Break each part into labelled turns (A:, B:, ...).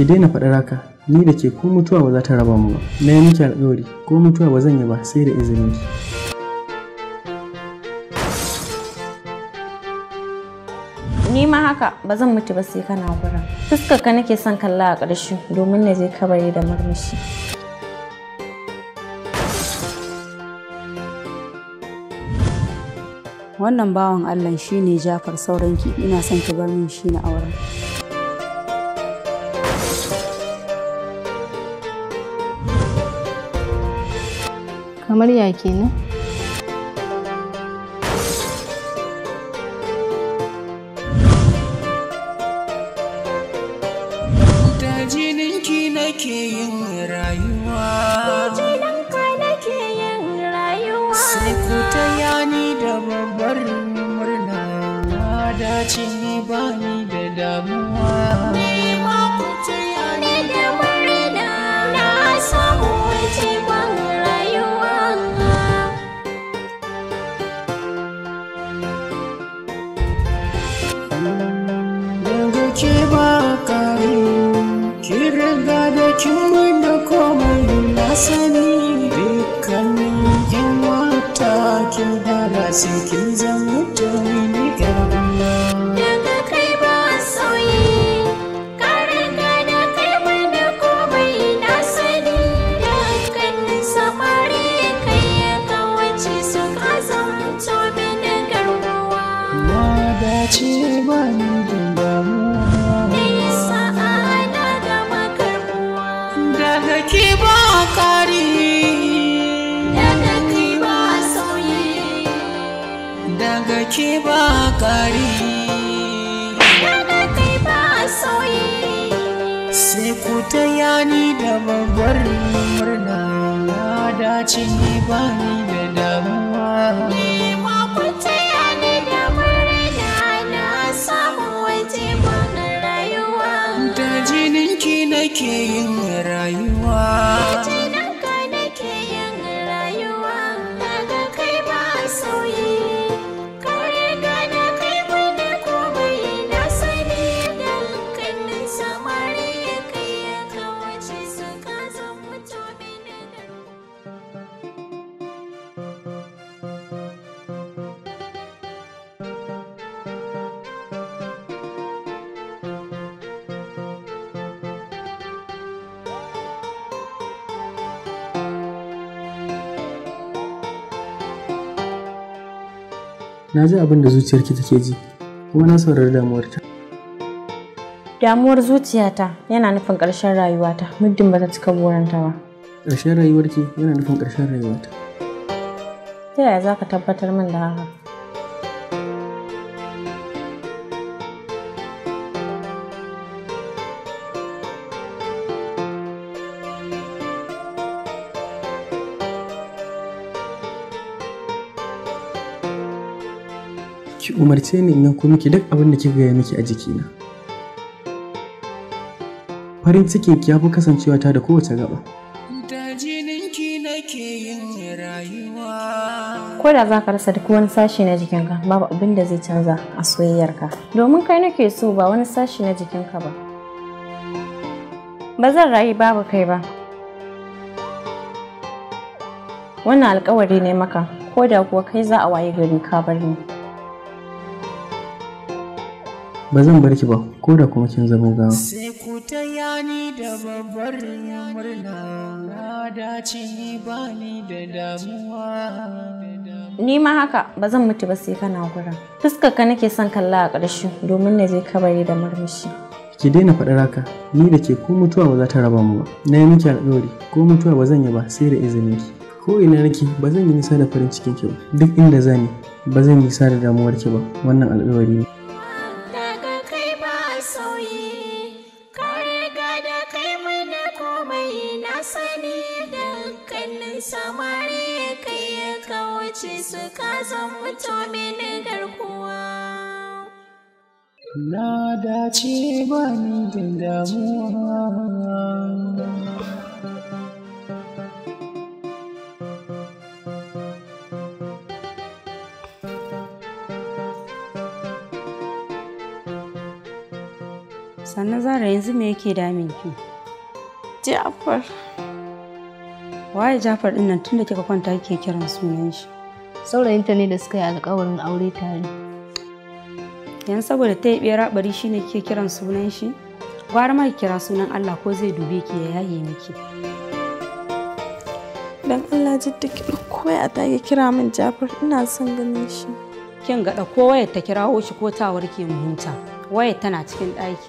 A: ki daina faɗar haka ni da ke ko mutuwa ba za ta raba mu ba na yi miki alƙawari ko mutuwa ba zan yi ba sai da izini.
B: ki ni ma haka ba zan mutu ba sai kana gurin fuskar ka nake son kalla a ƙarshe domin na je kabari da murmushi
C: wannan bawan allah shine jafar sauranki ina son ki bar min shi na auren
D: kamar aqui né
E: Asani, dukkanin yin mata kin da ba sai kin zama ta 习惯你。
A: na ji abin da zuciyarki take ji kuma na saurari damuwarta
B: damuwar zuciyata yana nufin ƙarshen rayuwata muddin ba ta cika buranta ba
A: ƙarshen rayuwarki yana nufin ƙarshen rayuwata
B: ta yaya za ka tabbatar min da haka
A: umarce ni in yanko miki duk abin da kika gaya miki a jikina farin cikin ki ya fi kasancewa ta da kowace gaba
B: ko da za ka rasa duk wani sashi na jikinka babu abin da zai canza a soyayyarka domin kai nake so ba wani sashi na jikinka ba ba zan rayu babu kai ba wannan alkawari ne maka ko da kuwa kai za a waye gari ka
E: bar ni
A: ba zan bar ki ba ko da kuma kin
E: zama gawa sai ku ta yani da babbar murna na
B: dace ba ni da damuwa ni ma haka ba zan mutu ba sai kana gura fuskar ka nake son kalla a ƙarshe domin na je kabari da murmushi
A: ki daina faɗar haka ni da ke ko mutuwa ba za ta raba mu ba na yi miki alƙawari ko mutuwa ba zan yi ba sai da izinin ki ko ina nake ba zan yi nisa da farin cikin ki ba duk inda zani ba zan yi nisa da damuwar ki ba wannan alƙawari ne
E: ba ni damuwa
C: sannan zara yanzu me yake damin ki jafar waye jafar ɗinnan tun da kika kwanta kike kiran sunan shi saurayinta ne da suka yi alkawarin aure tare yanzu saboda ta yi bera bari shine kike kiran sunan shi gwara ma kira sunan Allah ko zai dube ki ya yaye miki dan Allah ji ta ki koya
B: ta yi kira min Jafar ina son ganin shi
C: kin gaɗa ko wayar ta kirawo shi ko ta warke mu huta wayar tana cikin ɗaki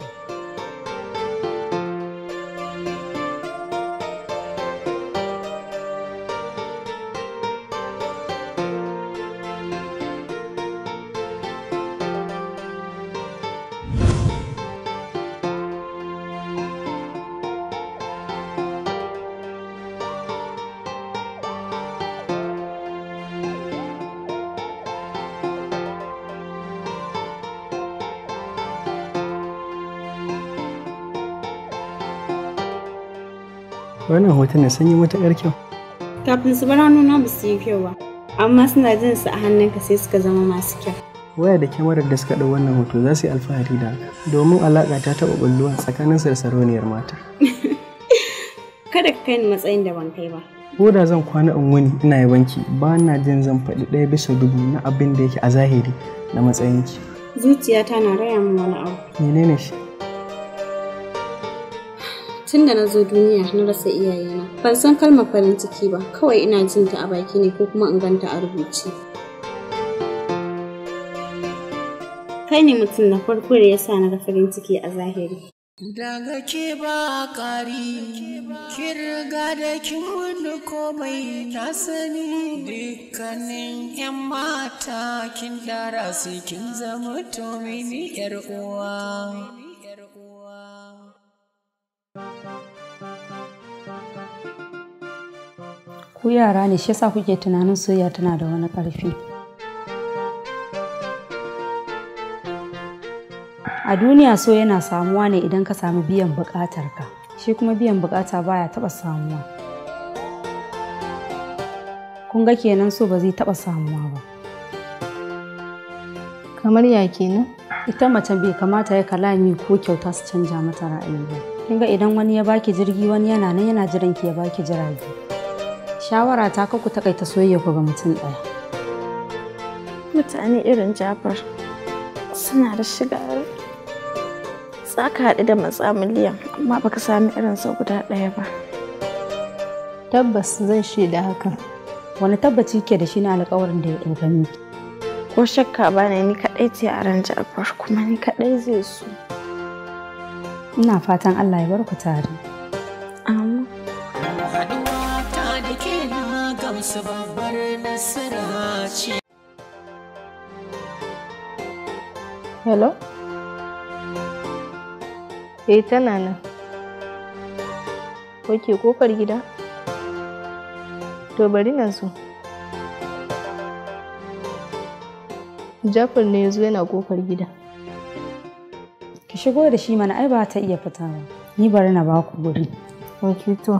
A: wannan hoton sun yi matuƙar kyau
B: kafin su bar na, ba su yi kyau ba amma suna jin su a hannunka sai suka zama masu kyau
A: waya da kyamarar da suka ɗau wannan hoto za su yi alfahari da domin alaƙa ta taɓa ɓulluwa tsakanin da sarauniyar mata
B: kada ka kai ni matsayin da ban kai ba
A: ko da zan kwana in wuni ina yi banki, ba na jin zan faɗi ɗaya bisa dubu na abin da yake a zahiri na matsayinki
B: zuciyata na raya min wani abu menene shi tun da na zo duniya na rasa iyayena ban san kalmar farin ciki ba kawai ina jin ta a baki ne ko kuma in ganta a rubuce kai ne mutum na farko da ya sa na ga farin ciki a zahiri
E: daga ke ba kari kin riga da kin wani komai na sani dukkanin yan mata kin dara su kin zama tomini yar uwa
C: ku yara ne shi yasa kuke tunanin soyayya tana da wani ƙarfi a duniya so yana samuwa ne idan ka samu biyan buƙatarka, shi kuma biyan buƙata baya taɓa samuwa kun ga kenan so ba zai taɓa samuwa ba kamar ya kenan ita mace bai kamata ya kalami ko kyauta su canja mata ra'ayi ba kin ga idan wani ya baki jirgi wani yana nan yana jiran ki ya baki jirage shawara ta ku takaita soyayya ku ga mutum ɗaya mutane irin jafar suna da shiga
B: tsaka haɗu da matsa miliyan amma
C: baka sami irinsa guda ɗaya ba tabbas zan shaida hakan wani tabbaci ke da shi na alƙawarin da ya ɗauka miki ko shakka ba ne ni kaɗai ce a ran jafar kuma ni kaɗai zai so ina fatan allah ya barku ku tare
E: su babbar nasara ce hello
D: eh tana nan ok kofar gida to bari na zo jafar ne ya zo yana kofar gida ki shigo da shi mana ai
C: ba ta iya fita ba ni bari na baku guri ok to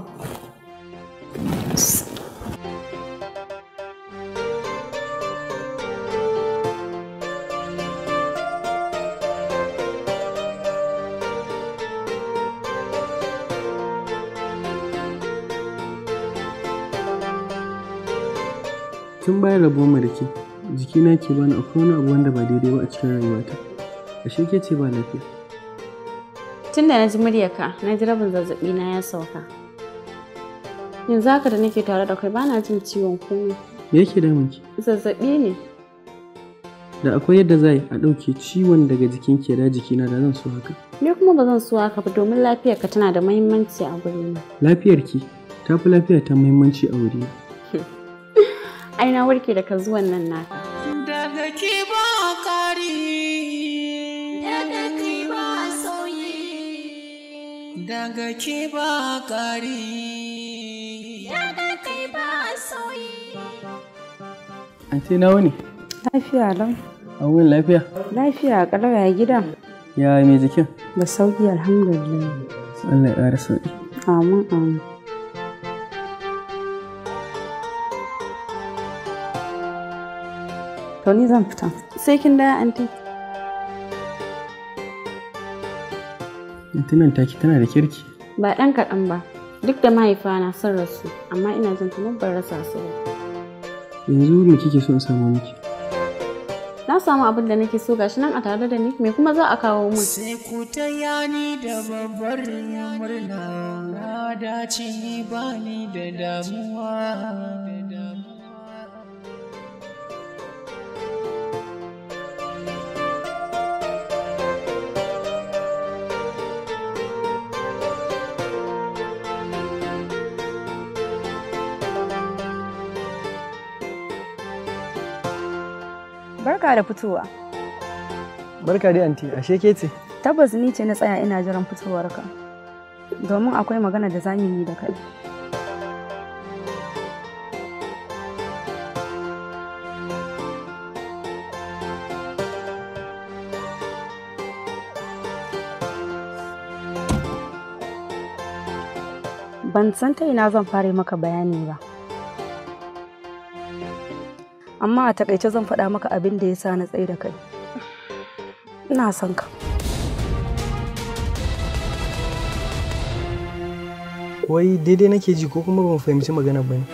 A: Tun bayan mu da ke, jikina ke bani akwai wani abu wanda ba daidai ba a cikin rayuwata. Ashe ke ce ba lafiya.
B: Tun da na ji muryarka, na ji rabin zazzabi na ya sauka. Yanzu haka da nake tare da kai bana jin ciwon komai.
A: Me yake damun ki?
B: Zazzaɓi ne.
A: Da akwai yadda zai a ɗauke ciwon daga jikin ke da jikina da zan so haka.
B: Ni kuma ba zan so haka ba domin lafiyarka tana da muhimmanci a gurina.
A: Lafiyarki ta fi lafiya ta
B: muhimmanci a wurina. aina na warke daga zuwan nan naka
E: daga ki ba kari daga ki ba sauyi daga ki ba kari daga
F: ki ba sauyi
A: Ante nawa ne. Lafiya lau. Awun lafiya?
C: Lafiya ƙalau ya gida.
A: Ya mai jikin? Da sauki
C: alhamdulillah.
A: Allah ya ƙara sauki.
C: Amin amin. To ni zan fita. Sai kin da anti.
A: Yantunan taki tana da kirki.
B: Ba ɗan kaɗan ba. Duk da mahaifana sun rasu, amma ina jin kamar ban rasa su ba.
A: Yanzu me kike so in samu miki?
B: Na samu abin da nake so gashi nan a tare da ni, me kuma za a kawo min?
E: Sai ku ta yani da babbar murna, na dace ba ni da damuwa.
C: Barka da fitowa.
A: Barka dai anti, ashe ke ce?
C: Tabbas ni ce na tsaya ina jiran fitowarka. Domin akwai magana da za yi da kai. Ban san ta ina zan fara maka bayani ba. amma a takaice zan faɗa maka abin da ya sa na tsaye da kai ina son ka
A: wai daidai nake ji ko kuma ban fahimci magana ba ne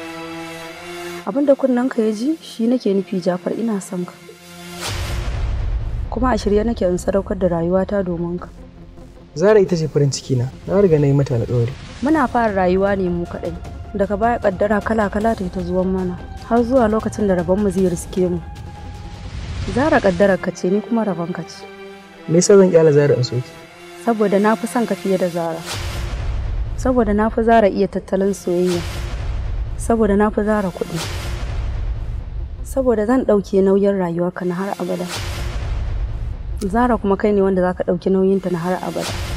C: abin da ka ya ji shi nake nufi jafar ina son ka kuma a shirye nake in sadaukar da rayuwata domin ka
A: zara ita ce farin ciki na na riga na yi mata alƙawari
C: muna fara rayuwa ne mu kaɗai daga baya kaddara kala-kala ta yi ta zuwan mana har zuwa lokacin da rabonmu zai riske mu zara kaddarar ka ce ni kuma rabon ka ce
A: me yasa zan kyala zara in soki
C: saboda na fi son ka fiye da zara saboda na fi zara iya tattalin soyayya saboda na fi zara kuɗi saboda zan ɗauke nauyin rayuwarka na har abada zara kuma kai ne wanda za ka ɗauki nauyinta na har abada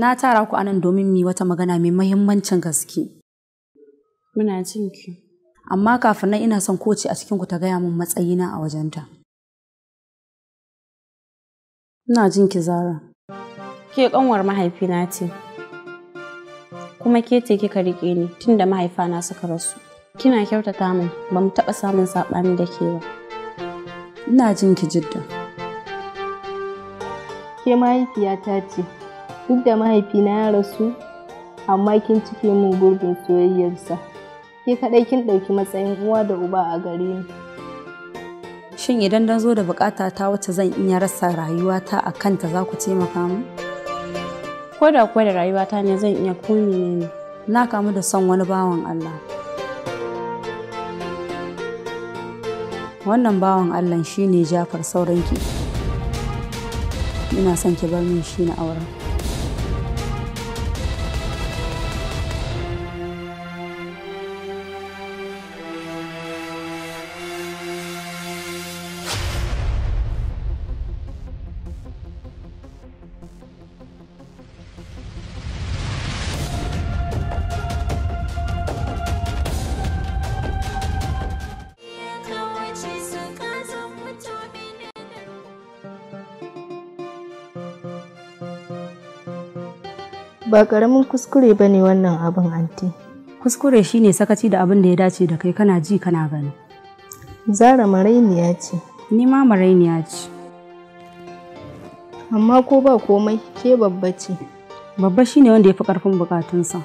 C: Na tara ku anan domin mi wata magana mai mahimmancin gaske.
E: Muna cinki.
C: Amma kafin nan ina son koci a cikin ku ta gaya min matsayina a wajenta. Ina jin ki Zara. Ke kanwar
B: mahaifina ce. Kuma ke ce kika rike ni tunda mahaifana suka rasu. Kina kyautata min, ba mu taɓa samun saɓani da ke ba. Ina jin ki jidda.
D: ke mahaifiyata ce, duk da mahaifina ya rasu, amma kin cike min gurbin soyayyarsa. Ke kaɗai kin ɗauki matsayin uwa da uba a gare ni. Shin
C: idan dan zo da bukata ta wacce zan iya rasa rayuwata a kanta za ku taimaka mu? Ko da kuwa da rayuwata ne zan iya komi ne. Na kamu da son wani bawan Allah. Wannan bawan Allah shine Jafar sauranki. ina son ki bar min shi na auren
D: ba karamin kuskure ba ne wannan abin anti kuskure shine
C: sakaci da abin da ya dace da kai kana ji kana gani zara marainiya ce ni ma marainiya ce amma ko ba komai ke babba ce babba shine wanda ya fi ƙarfin bukatunsa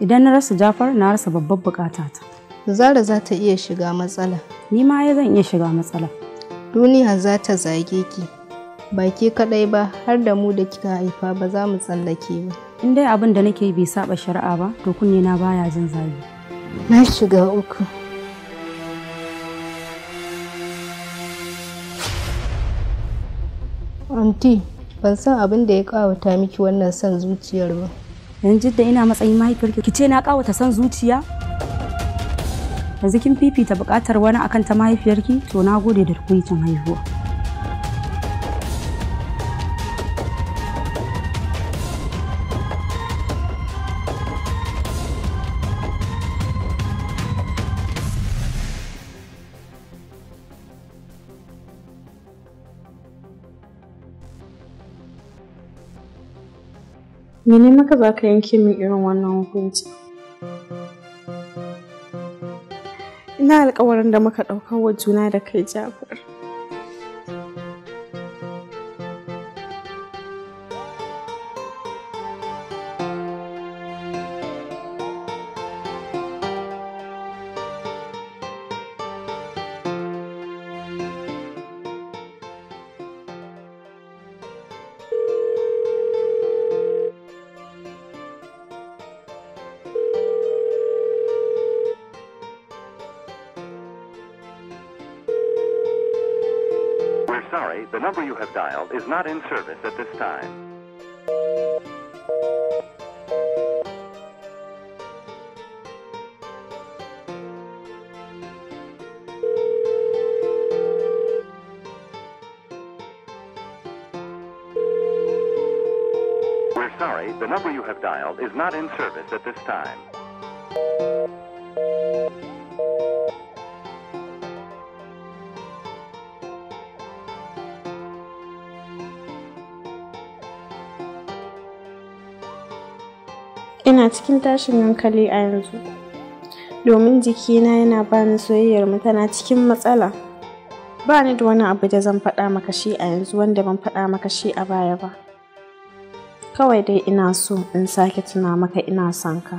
C: idan na rasa jafar na rasa babbar bukatata zara za ta iya shiga
D: matsala ni ma ya zan iya shiga matsala duniya za ta zage ki ba ke kaɗai ba har da mu da kika haifa ba za mu tsallake ba in dai abin da nake bai saba shari'a ba to kunne na baya jin zafi na shiga uku anti ban san abin da ya kawata miki wannan son zuciyar ba yanzu da ina matsayin mahaifiyarki ki ce na kawata son zuciya yanzu kin fifita
C: bukatar wani akan ta mahaifiyarki to na gode da kuicin haihuwa
B: Mene maka za ka yanke min irin wannan hukunci? Ina alkawarin da muka ɗauka wa juna da kai Jafar.
F: number you have dialed is not in service at this time. We're sorry, the number you have dialed is not in service at this time.
B: ina cikin tashin hankali a yanzu domin jikina yana bani soyayyarmu tana cikin matsala ba ni da wani abu da zan faɗa maka shi a yanzu wanda ban faɗa maka shi a baya ba kawai dai ina so in sake tuna maka ina son ka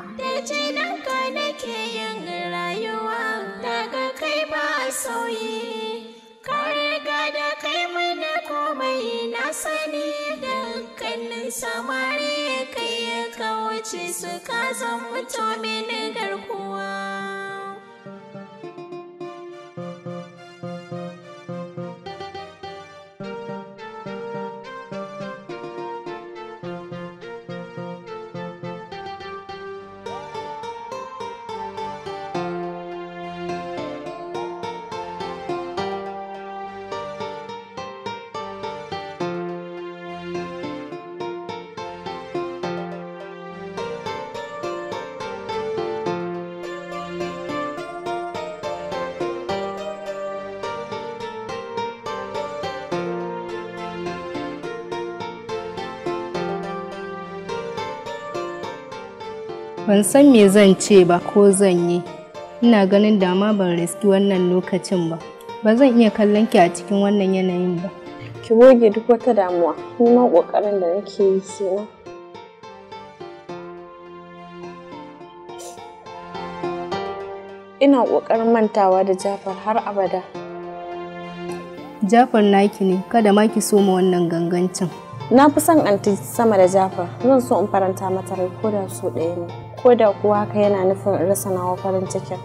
D: ban san me zan ce ba ko zan yi ina ganin dama ban riski wannan lokacin ba ba zan iya kallon ki a cikin wannan yanayin ba ki goge duk wata
B: damuwa kuma kokarin da nake yi kenan ina kokarin mantawa da Jafar har abada
D: Jafar naki ne kada ma ki soma wannan gangancin
B: na fi son anti sama da Jafar zan so in faranta mata rai ko da so ɗaya ne ko da kuwa haka yana nufin rasa nawa farin cikin.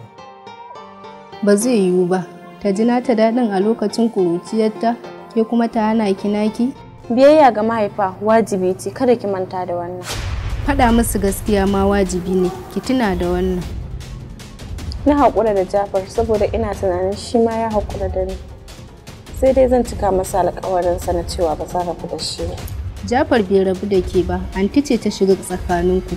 D: Ba zai yiwu ba, ta ji nata daɗin a lokacin ƙuruciyarta ke kuma ta hana ki naki? Biyayya ga mahaifa wajibi ce kada ki manta da wannan. Faɗa musu gaskiya ma wajibi ne, ki tuna da wannan.
B: Na haƙura da Jafar saboda ina tunanin shi ma ya haƙura da ni. Sai dai zan cika masa alƙawarinsa na cewa ba za
D: rabu da shi ba. Jafar bai rabu da ke ba, anti ce ta shiga tsakaninku.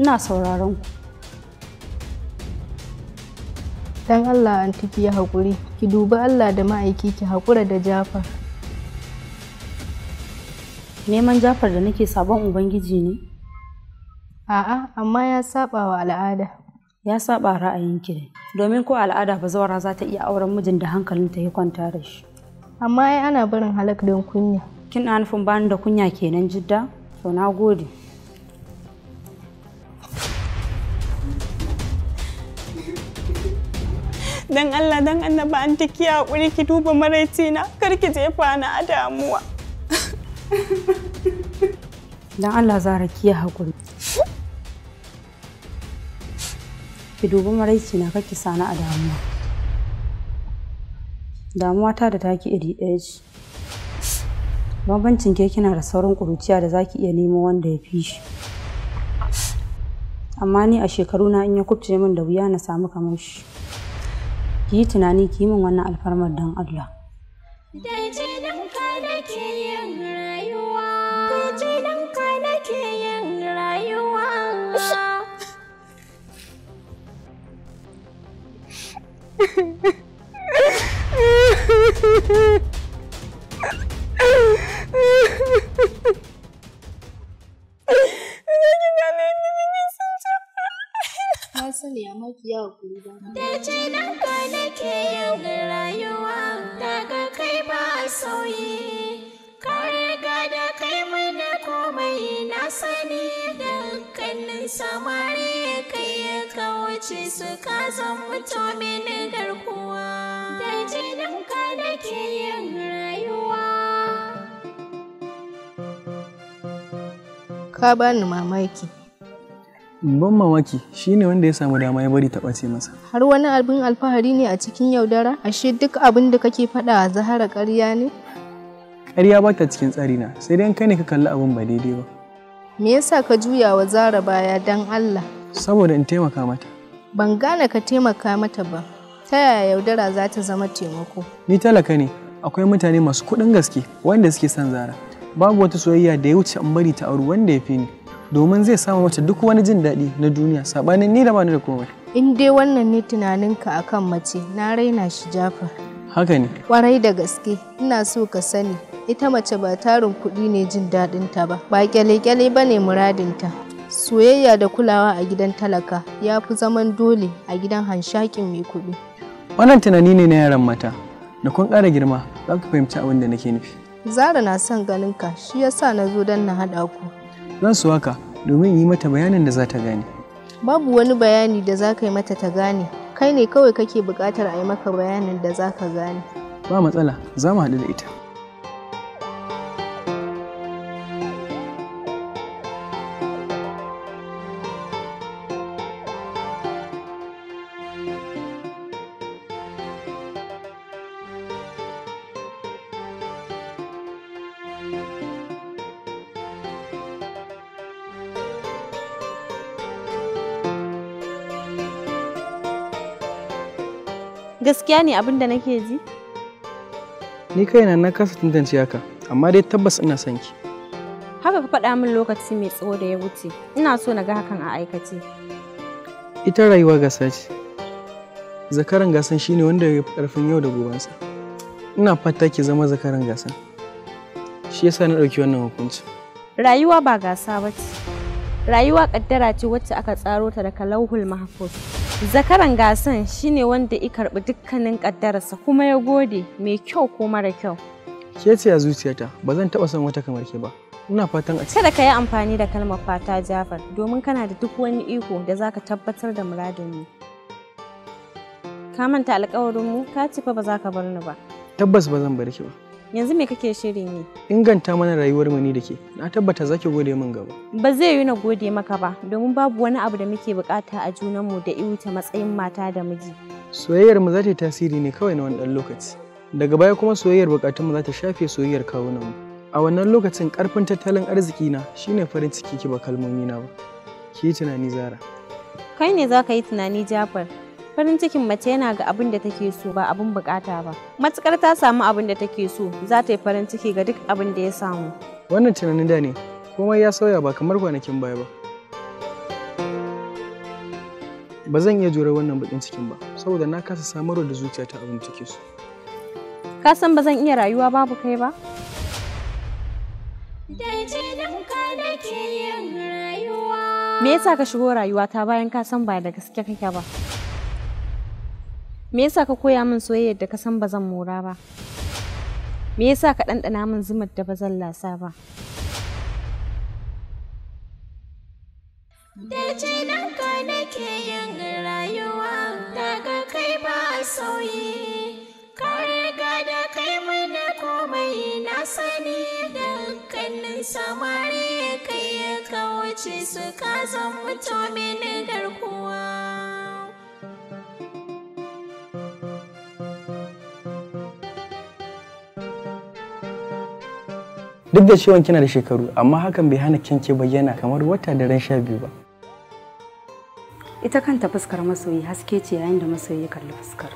D: ina sauraron ku dan Allah an ki hakuri ki duba Allah da ma'aiki ki haƙura da Jafar neman Jafar da nake sabon ubangiji ne a'a
C: amma ya saba wa al'ada ya saba ra'ayinki ne domin ko al'ada ba zawara za ta iya auren mijin da hankalinta ya kwanta da shi
D: amma ai ana barin halak don kunya kin
C: nufin bani da kunya kenan jidda to na gode
B: dan Allah dan annaba an ta kiya hakuri ki duba maraici na kar ki jefa na a damuwa
C: dan Allah zara kiya hakuri ki duba maraici na kar ki sani a damuwa damuwa ta da taki iri ɗaya ce bambancin ke kina da sauran ƙuruciya da zaki iya nemo wanda ya fi shi amma ni a shekaru na in ya kubce min da wuya na samu kamar shi ki yi tunani ki yi min wannan alfarmar don Allah.
G: Da jininka nake yin rayuwa, da jininka nake yin rayuwa.
F: Ha
D: saniya ma ki yawa kuri ba. Da ce nan ka nake yin rayuwa daga
G: kai ba sauyi. Ka riga da kai mana komai na sani dukkanin samari kai ya kawace su ka zan mutu garkuwa. Da ce nan ka nake yin
D: rayuwa. Ka bani mamaki.
A: ban mamaki ne wanda ya samu dama ya bari ta ɓace masa
D: har wani abin alfahari ne a cikin yaudara ashe duk abin da kake faɗa a zahara ƙarya ne
A: ƙarya ba ta cikin tsarina sai dai kai ne ka kalli abin ba daidai ba
D: me yasa ka juya wa zara baya dan Allah
A: saboda in taimaka mata
D: ban gane ka taimaka mata ba ta yaya yaudara za ta zama taimako
A: ni talaka ne akwai mutane masu kuɗin gaske wanda suke son zara babu wata soyayya da ya wuce in bari ta auri wanda ya fi ni domin zai samu mace duk wani jin daɗi na duniya saɓanin ni da ma ni da komai.
D: In dai wannan ne tunaninka kan mace na raina shi jafa Haka ne. Kwarai da gaske ina so ka sani ita mace ba tarin kuɗi ne jin daɗin ta ba ba kyale-kyale ba ne muradinta. Soyayya da kulawa a gidan talaka ya fi zaman dole a gidan hanshakin mai kuɗi.
A: Wannan tunani ne na yaran mata da kun ƙara girma za ku fahimci abin da nake nufi.
D: Zara na son ganinka shi yasa na zo don na haɗa ku.
A: zan su haka domin yi mata bayanin da za ta gane.
D: Babu wani bayani da za ka yi mata ta gane, kai ne kawai kake buƙatar a yi maka bayanin da za ka gane.
A: Ba matsala, za mu haɗu da ita.
B: gaskiya ne abin da nake ji?
A: Ni kaina na kasa tantance haka, amma dai tabbas ina son ki.
B: Haka ka faɗa min lokaci mai tsawo da ya wuce, ina so na ga hakan a aikace.
A: Ita rayuwa gasa ce. Zakaran gasan shine wanda ya fi ƙarfin yau da gobensa. Ina fata ki zama zakaran gasan. Shi yasa na ɗauki wannan hukunci.
B: Rayuwa ba gasa ba ce. Rayuwa ƙaddara ce wacce aka tsaro ta daga lauhul mahfuz. zakaran gasan shine wanda ya karbi dukkanin kaddararsa kuma ya gode mai kyau ko mara kyau
A: ke ce a zuciyata ba zan taba son wata kamar ke ba ina fatan a kada
B: ka yi amfani da kalmar fata jafar domin kana da duk wani iko da zaka tabbatar da mu ka manta mu ka ci fa ba za ka bar ni ba
A: tabbas ba zan bar ki ba
B: Yanzu me kake shirin ne?
A: Inganta mana rayuwar mu ni da ke. Na tabbata zaki gode min gaba.
B: Ba zai yi na gode maka ba, domin babu wani abu da muke bukata a junanmu da ta matsayin mata da miji.
A: Soyayyar mu za ta yi tasiri ne kawai na wani ɗan lokaci. Daga baya kuma soyayyar bukatun mu za ta shafe soyayyar kawunan mu. A wannan lokacin karfin tattalin arziki na shine farin ciki ki ba kalmomi na ba. Ki tunani Zara.
B: Kai ne za ka yi tunani Jafar. farin cikin mace yana ga abin da take so ba abin bukata ba matukar ta samu abin da take so za ta yi farin ciki ga duk abin da ya samu
A: wannan tunanin da ne komai ya sauya ba kamar kwanakin baya ba ba zan iya jure wannan bakin cikin ba saboda na kasa samarwa da zuciyata abin da take so
B: ka san ba zan iya rayuwa babu kai ba Me yasa ka shigo rayuwata bayan ka san ba da gaske kake ba? me yasa ka koya min soyayyar da ka san ba zan mora ba me yasa ka ɗanɗana min zumar da ba zan lasa ba
G: da ka nake yin rayuwa daga kai ba sauyi ka riga da kai mana komai na sani da dukkanin samari kai ya ci su ka zan mutumin garkuwa
A: duk da cewa kina da shekaru amma hakan bai hana kyanke bayyana kamar wata da ran sha biyu ba
C: ita kanta fuskar masoyi haske ce yayin da masoyi ya kalli fuskar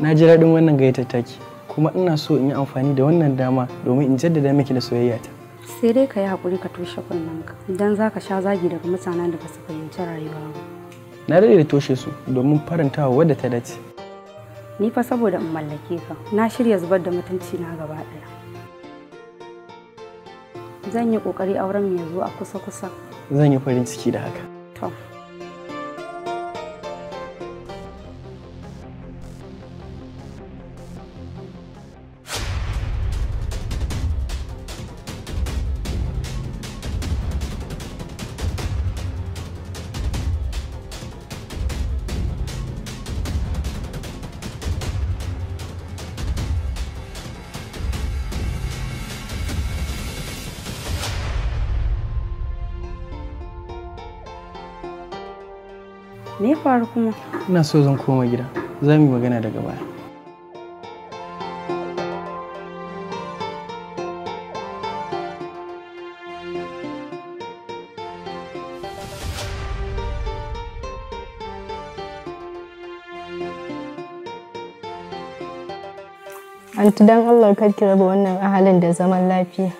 A: na ji daɗin wannan gaita taki kuma ina so in yi amfani da wannan dama domin in jaddada miki da soyayya ta
C: sai dai ka yi haƙuri ka toshe ka, idan za ka sha zagi daga mutanen da ba su fahimci rayuwa ba
A: na daɗe da toshe su domin farantawa wadda ta dace
C: ni fa saboda in mallake ka na shirya zubar da mutunci na gaba ɗaya zan yi ƙoƙari auren ya zo a kusa-kusa
A: zan yi farin ciki da haka to
C: Me ya faru kuma? Ina
A: so zan koma gida. Za mu yi magana daga baya.
D: Anti don Allah kar ki raba wannan ahalin da zaman lafiya.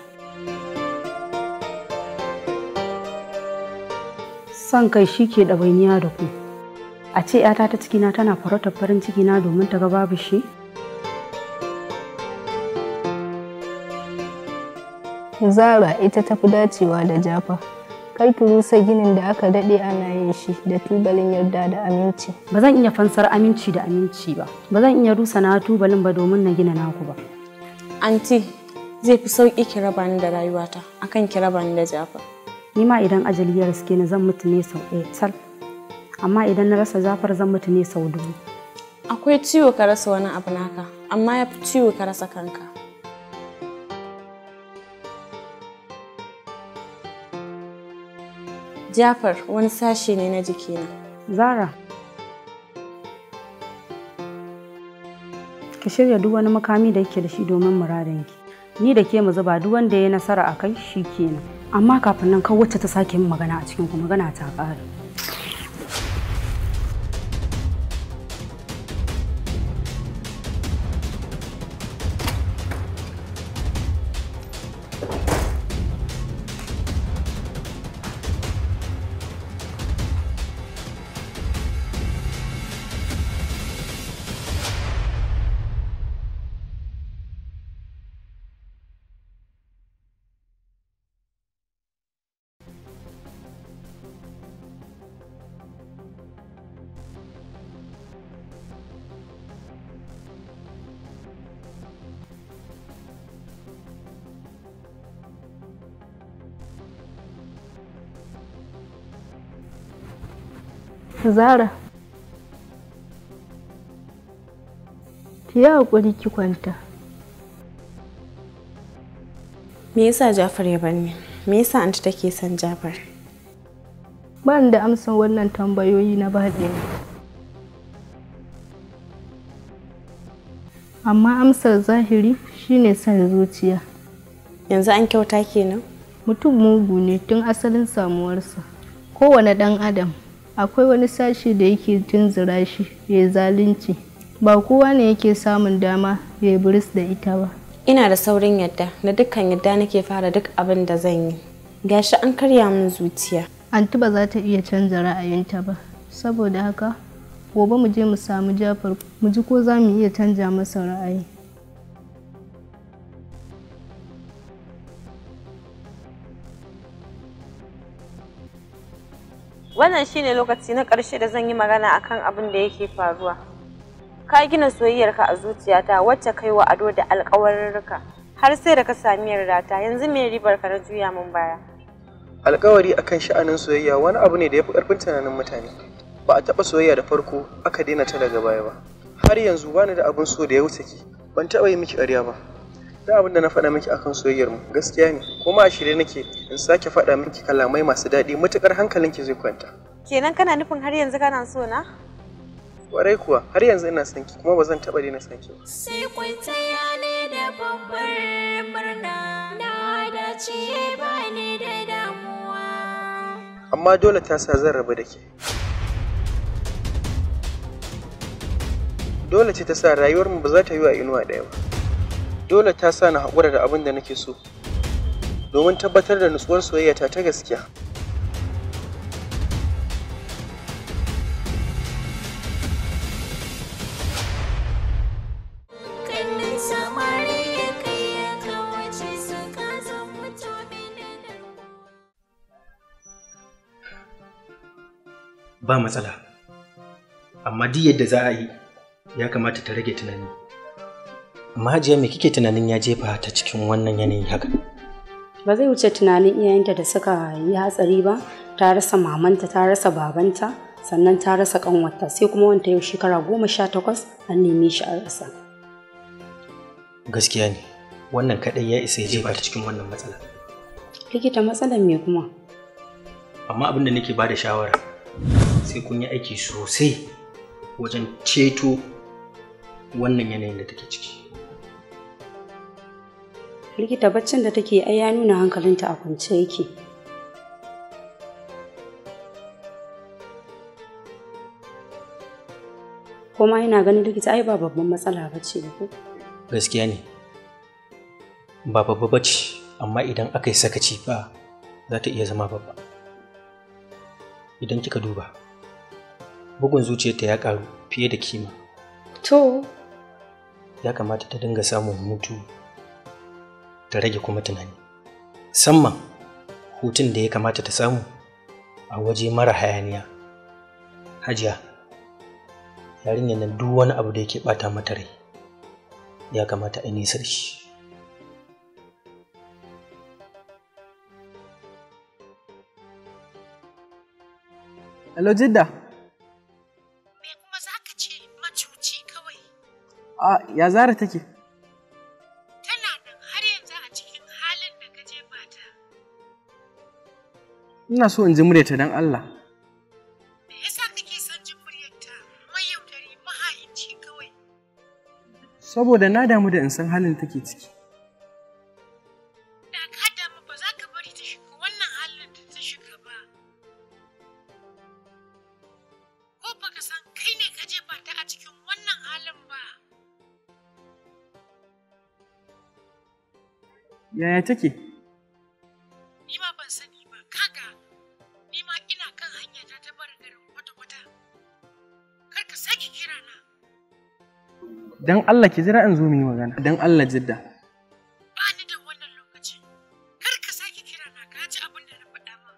D: Son kai shi ke ɗawainiya da ku. a ce 'yata ta cikina tana farautar farin cikina domin ta ga babu shi zara ita ta fi dacewa da jafa kar ki rusa ginin da aka daɗe ana yin shi da tubalin yarda da aminci ba zan
C: iya fansar aminci da aminci ba ba zan iya rusa na tubalin ba domin na gina naku ba
B: anti zai fi sauƙi ki raba ni da rayuwata akan ki raba ni da jafa
C: ni ma idan ajali ya riske ni zan mutu ne sau ɗaya sal amma idan na rasa zafar zan mutu ne sau dubu.
B: Akwai ciwo ka rasa wani abu naka, amma ya fi ciwo ka rasa kanka. Jafar wani sashe ne na jikina.
C: Zara. Ki shirya duk wani makami da yake da shi domin muradanki. Ni da ke mu zuba duk wanda ya nasara a kai shi kenan. Amma kafin nan kawai ta sake yin magana a cikin ku magana ta ƙare.
D: Zara, ki yi haƙuri ki kwanta.
B: Me yasa Jafar ya bar ni? Me yasa anti take son Jafar?
D: Ba da amsan wannan tambayoyi na baɗi Amma amsar zahiri shine san zuciya. Yanzu an kyauta kenan? Mutum mugu ne tun asalin samuwarsa. Kowane ɗan Adam akwai wani sashi da yake zira shi ya zalunci ba kowa ne yake samun dama ya yi buris da ita ba
B: ina da saurin yadda na dukkan yadda nake fara duk abin da zan yi gashi an karya min
D: zuciya anti ba za ta iya canza ra'ayinta ba saboda haka gobe mu je mu samu jafar mu ji ko za mu iya canza masa ra'ayi
B: Wannan shine lokaci na ƙarshe da zan yi magana akan abin da yake faruwa. Ka gina soyayyarka a zuciyata wacce kai wa ado da alƙawarinka har sai da ka sami yardata yanzu me ribar ka na juya min baya.
A: Alƙawari akan sha'anin soyayya wani abu ne da yafi fi ƙarfin tunanin mutane. Ba a taɓa soyayya da farko aka daina ta daga baya ba. Har yanzu bani da abin so da ya wuce ki. Ban taɓa yi miki ƙarya ba. da abin da na faɗa miki akan soyayyar mu gaskiya ne kuma a shirye nake in sake faɗa miki kalamai masu daɗi matukar hankalinki zai kwanta
B: kenan kana nufin har yanzu kana so na
A: kwarai kuwa har yanzu ina son ki kuma ba zan taɓa daina son ki ba
B: sai kwanta ya ne da
G: babbar murna na da ci ba ne da damuwa
A: amma dole ta sa zan rabu da ke dole ce ta sa rayuwarmu ba za ta yi wa inuwa ɗaya ba dole ta sa na haƙura da abin da nake so domin tabbatar da nutsuwar soyayyata ta gaskiya
H: ba matsala amma duk yadda za a yi ya kamata ta rage tunani Mahajiya me kike tunanin ya jefa ta cikin wannan yanayi haka?
C: Ba zai wuce tunanin iyayenta da suka yi hatsari ba, ta rasa mamanta, ta rasa babanta, sannan ta rasa kanwata sai kuma wanta yau shekara goma sha takwas an neme shi a rasa.
H: Gaskiya ne, wannan kaɗai ya isa ya jefa ta cikin wannan matsala.
C: Likita matsalan me kuma?
H: Amma abin da nake ba da shawara, sai kun yi aiki sosai wajen ceto wannan yanayin da take ciki.
C: likita baccin da take ai ya nuna hankalinta a kwance yake kuma yana ganin likita ai ba babban matsala ba ce ko
H: gaskiya ne ba babba ba ce amma idan aka yi sakaci ba za ta iya zama babba idan kika duba bugun zuciyarta ya karu fiye da kima to ya kamata ta dinga samun mutu ta rage kuma tunani Samman hutun da ya kamata ta samu a waje mara hayaniya hajiya yarinyar nan duk wani abu da yake bata mata rai ya kamata a nisa da shi
A: Hello Jidda. Me kuma za ka ce macuci kawai? Ah, ya zara take? Ina so in ji muryarta don Allah. Me yasa kake son jin muryarta? Mai yaudari mahayinci kawai. Saboda na damu da in san halin take ciki. Da ka
G: damu ba za ka bari ta shiga wannan halin da ta shiga
F: ba.
E: Ko baka san kai ne ka jefa ta a cikin wannan halin ba.
F: Yaya take? ta
A: barin garin kwata-kwata. Kar ka sake kira na. Dan Allah ki jira in zo mu yi magana. Dan Allah jidda. Ba
F: ni da wannan lokaci. Kar ka sake kira na ka ji abin da na faɗa ma.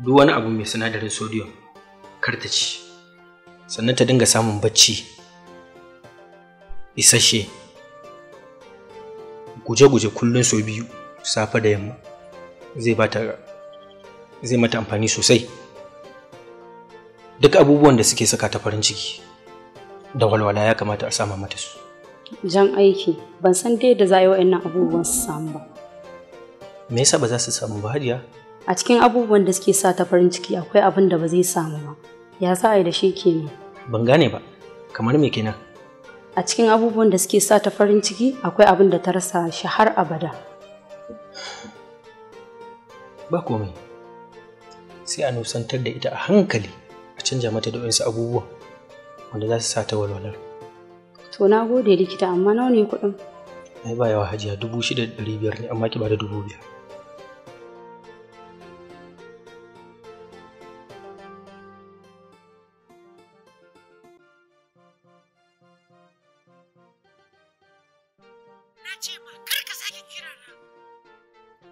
H: Duk wani abu mai sinadarin sodium kar ta ci. Sannan ta dinga samun bacci isasshe. guje-guje kullum sau biyu safe da yamma zai zai mata amfani sosai duk abubuwan da suke saka ta farin ciki da walwala ya kamata a sama mata su
C: jan aiki ban san dai da za yi wa'annan abubuwan su samu ba
H: me yasa ba za su samu ba hajiya
C: a cikin abubuwan da suke sa ta farin ciki akwai abin da ba zai samu ba ya sa a yi da shi kenan
H: ban gane ba kamar me kenan
C: a cikin abubuwan da suke sa ta farin ciki akwai abin da ta rasa shi har abada
H: ba komai sai a nusantar da ita a hankali a canja mata da wasu abubuwa wanda za su sa ta walwalar
C: to na gode likita amma nawa ne kuɗin
H: ai ba yawa hajiya dubu shida da ɗari biyar ne amma ki ba da dubu biyar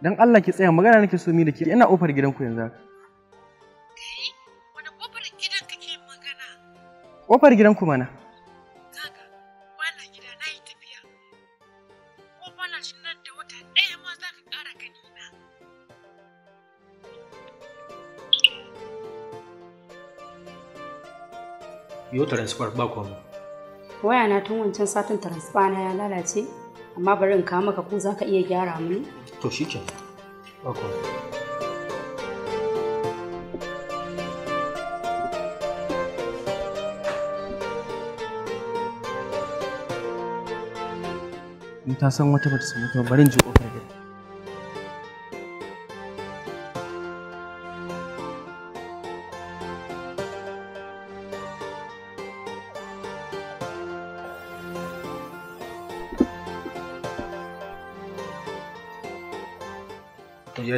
A: dan Allah ki tsaya magana nake so mi da ke ina ofar gidanku yanzu haka eh, ƙofar gidan kake magana kofar gidanku mana wannan gida na yi tafiya ko bana shi da wata ɗaya ma za ka ƙara
H: na yau transfer ba kuma
C: waya na tun wancan satin transfer na ya lalace amma bari in kawo maka ko za ka iya gyara mini
H: to shi ba
A: in ta barin gida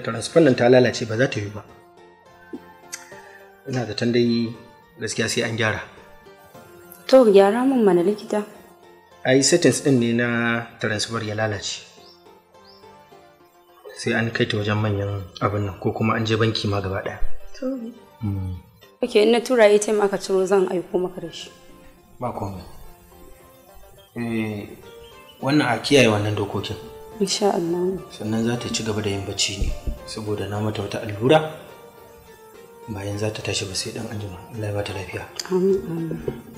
H: transfer nan ta lalace ba za ta yi ba ina da dai gaskiya sai an gyara
C: to gyara min mana likita
H: ai settings din ne na transfer ya lalace sai an kai ta wajen manyan abin nan ko kuma an je banki ma gaba daya
C: to hmm. ok na tura atm aka ciro zan aiko maka da shi
H: ba komai eh wannan a kiyaye wannan dokokin
C: insha Allah
H: sannan za ta ci gaba da yin bacci ne saboda na mata wata allura bayan za ta tashi ba sai dan anjima Allah ya bata lafiya
F: amin amin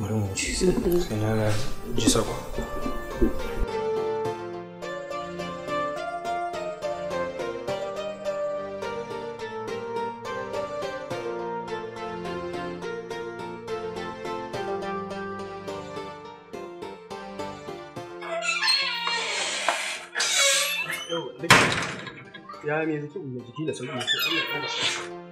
F: bari mu ci sai
G: na ji sako
A: ya me zaki jiki da sauki sai
F: Allah ya kama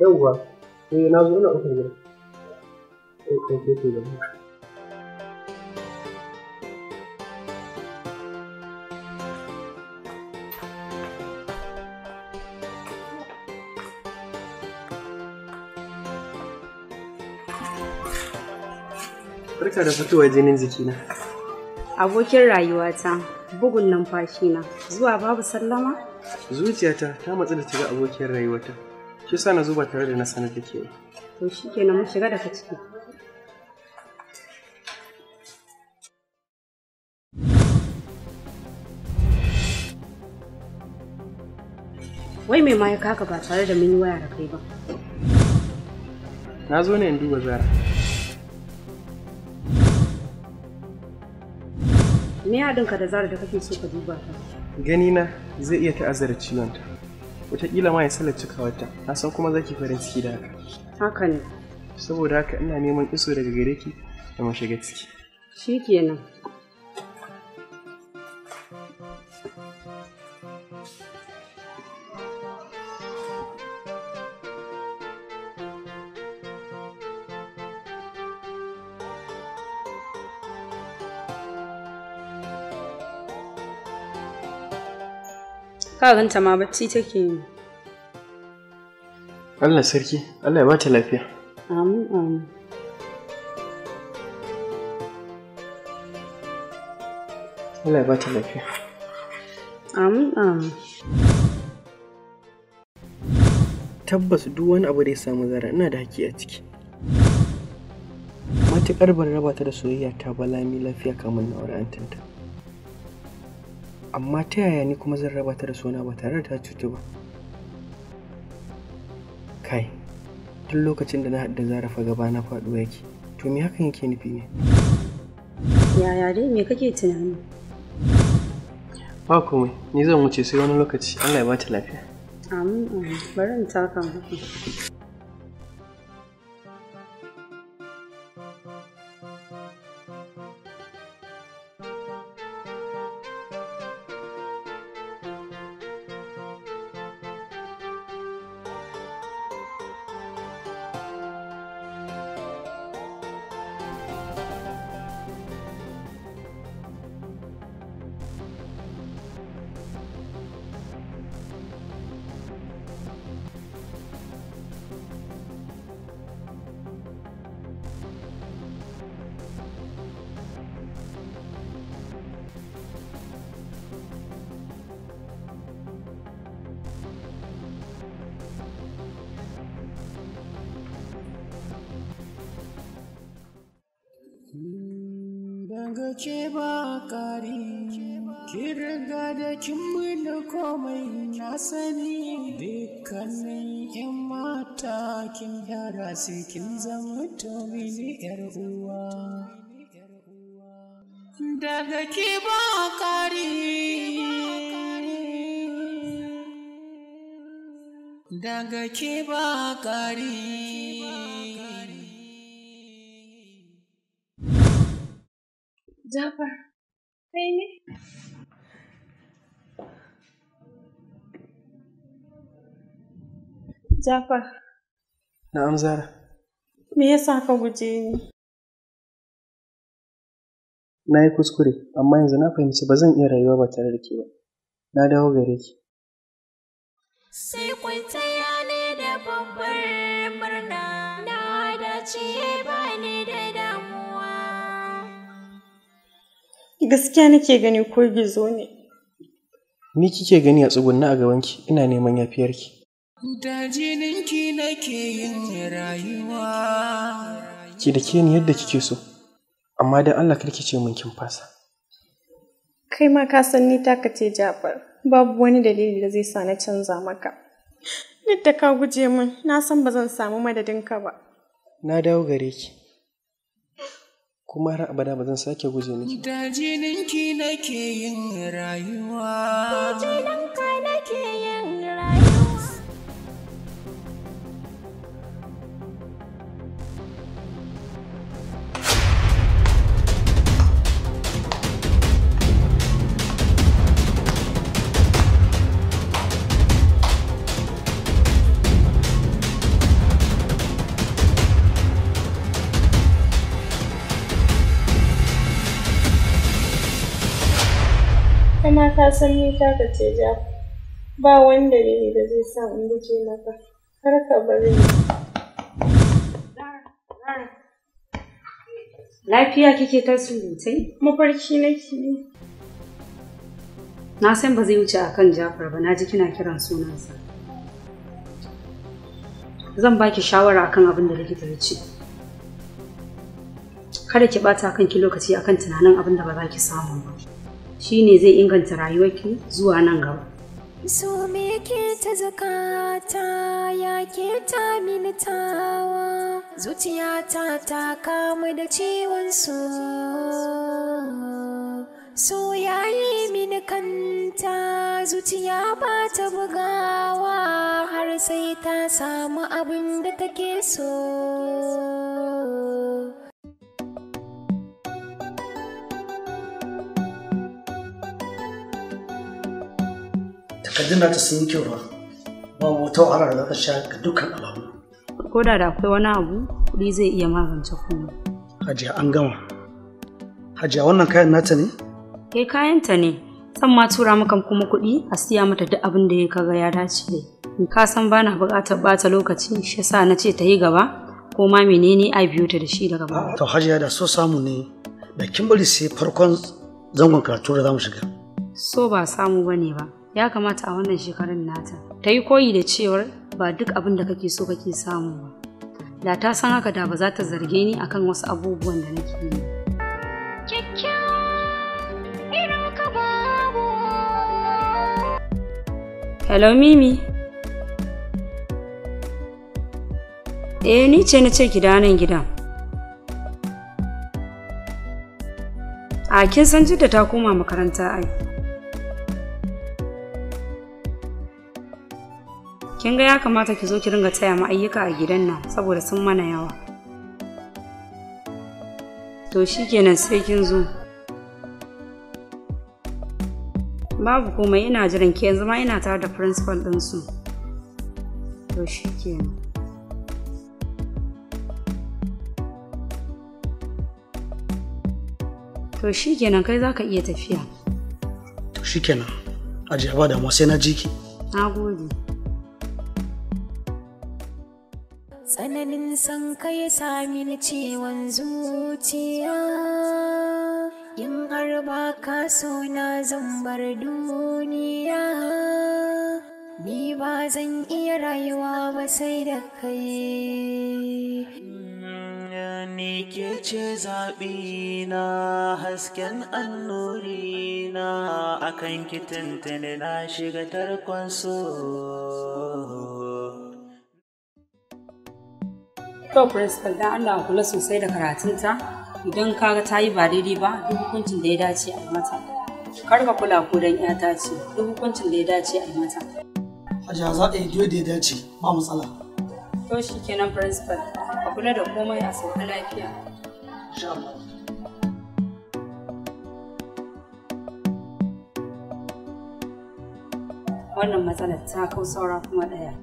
I: Yauwa, eh na zo na uku ne. Eh, ko ke da
C: ta da fitowar
A: jinin jikina.
C: Abokin rayuwata, bugun na, zuwa babu sallama?
A: Zuciyata ta matsa da shiga abokin rayuwata, shi sa na zuba tare da na sanar da ke.
C: To shi kenan mu shiga daga ciki. Wai mai ma ya kaka ba tare da mun yi waya da kai ba.
F: Na
A: zo ne in duba zara.
C: me ya ɗinka da zara da kake so ka duba ta
A: gani na zai iya ta'azzara ciwon ta wataƙila ma ya cika wata na san kuma zaki farin ciki da haka haka ne saboda haka ina neman iso daga gare ki da mashiga ciki
F: shikenan
C: ka ganta ma bacci take yi
A: Allah sarki Allah ya bata lafiya
C: amin amin
A: Allah ya bata lafiya
C: amin amin
A: tabbas duk wani abu da ya samu zara ina da haƙƙi a ciki matuƙar ban raba ta da soyayya ta mi lafiya kamar na aure antanta amma ta yaya ni kuma zan raba ta da suna ba tare da ta cutu ba kai duk lokacin da na haɗu da zarafa gaba na faɗuwa yake to me hakan yake nufi ne
C: yaya dai me kake tunani
A: ba komai ni zan wuce sai wani lokaci allah ya bata lafiya
C: amin bari in taka maka
E: ga ba kari ki riga da kin da komai na sani dukkanin yan mata kin yara su kin zama tomini yar uwa daga ke ba kari daga ke ba kari
F: Jafar, kai ne? Jafar. Na'am Zara. ka guje ni? Na yi kuskure, amma yanzu na fahimci ba zan iya rayuwa ba tare da ke ba. Na dawo gare ki.
G: Sai kwanta
B: gaskiya nake gani ko gizo ne
A: ni kike gani a tsugunna a gabanki ina neman yafiyarki
E: da jininki nake yin rayuwa
A: ki da ke ni yadda kike so amma dan Allah karki ce min kin fasa
B: kai ma ka san ni taka ce Jafar babu wani dalili da zai sa na canza maka duk da ka guje min na san ba zan samu madadinka ba
A: na dawo gare ki kuma har abada ba zan sake guje miki.
E: Da jininki nake yin rayuwa.
B: ma ka san ni taka ce ja ba wanda
F: ne da zai sa in guje maka kar ka bari ni
C: lafiya kike ta surutai mafarki nake yi na san ba zai wuce akan jafar ba na ji kina kiran sunansa zan baki shawara akan abin da likita ya ce kada ki bata kanki lokaci akan tunanin abin da ba za ki samu ba Shi ne zai inganta rayuwarki zuwa nan gaba
J: so me ke ta zakata ya ke ta minitawa zuciyata ta kamu da ciwon so so yayi mini kanta zuciya ba ta bugawa har sai ta samu abin da take so
H: takardun nata sun yi kyau ba
I: ba wata wahala da zaka sha ga dukkan alamu
C: ko da da akwai wani abu kuɗi zai iya magance komai
I: hajiya an gama hajiya wannan kayan nata ne
C: eh, kayan ta ne zan ma tura maka kuma kuɗi a siya mata duk abin da ya kaga ya dace ka san bana buƙatar bata lokaci shi yasa na ce ta yi gaba ko ma menene a biyo ta da shi daga baya to
I: hajiya da so samu ne da kin bari sai farkon zangon karatu da zamu shiga
C: so ba samu bane ba ya kamata a wannan shekarun nata ta yi koyi da cewar ba duk abin da kake so kake samu ba da ta san haka da ba za ta zarge ni akan wasu abubuwan da nake yi Hello Mimi Eh ni ce na ce gida nan gidan A kin san jidda ta koma makaranta ai kin ga ya kamata ki zo ki ringa taya mu ayyuka a gidan nan saboda sun mana yawa to shikenan sai kin zo babu komai ina jiran ki yanzu ma ina tare da principal su. to shikenan to shikenan kai zaka
J: iya tafiya
I: to shikenan ajiya ba damuwa sai na ji ki
J: na gode tsananin san ka ya sami ni ciwon zuciya in har ba ka so na zan bar duniya ni ba zan iya rayuwa ba sai da kai
E: ni ke ce zaɓi na hasken annuri na akan kitin na shiga tarkon so To principal
C: da Allah kula sosai da karatunta idan kaga ta yi ba daidai ba duk hukuncin da ya dace a mata. Kar ka kula ko dan ta ce duk hukuncin da ya dace a mata.
I: Hajiya za a yi da ya dace ba matsala.
C: To shi kenan principal a kula da komai a sauka lafiya. Wannan matsalar ta kau saura kuma ɗaya.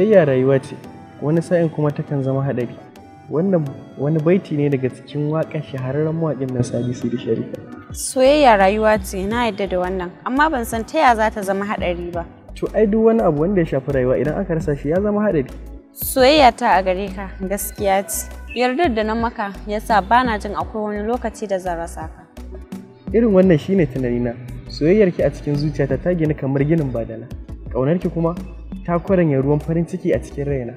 A: soyayya rayuwa ce wani sa'in kuma takan zama haɗari wannan wani baiti ne daga cikin waƙar shahararren mawaƙin nan Salisu da Sharifa
B: soyayya rayuwa ce na yadda da wannan amma ban san ta ya za ta zama haɗari ba
A: to ai duk wani abu wanda ya shafi rayuwa idan aka rasa shi ya zama haɗari
B: soyayya ta a gare ka gaskiya ce yardar da na maka ya sa ba na jin akwai wani lokaci da zan rasa ka
A: irin wannan shine tunanina soyayyarki a cikin zuciyata ta gina kamar ginin badala ƙaunarki kuma ta kwaranya ruwan farin ciki a cikin raina.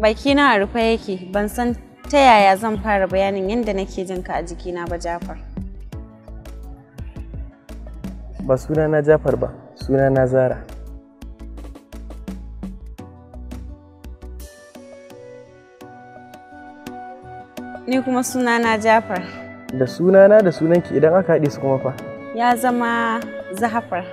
B: Baki na a rufe yake, ban san ta yaya zan fara bayanin yadda nake jin ka a jikina ba Jafar.
A: Ba suna na Jafar ba, suna na Zara.
B: Ni kuma suna na Jafar.
A: Da suna na da sunanki idan aka haɗe su kuma fa.
B: Ya zama Zahafar.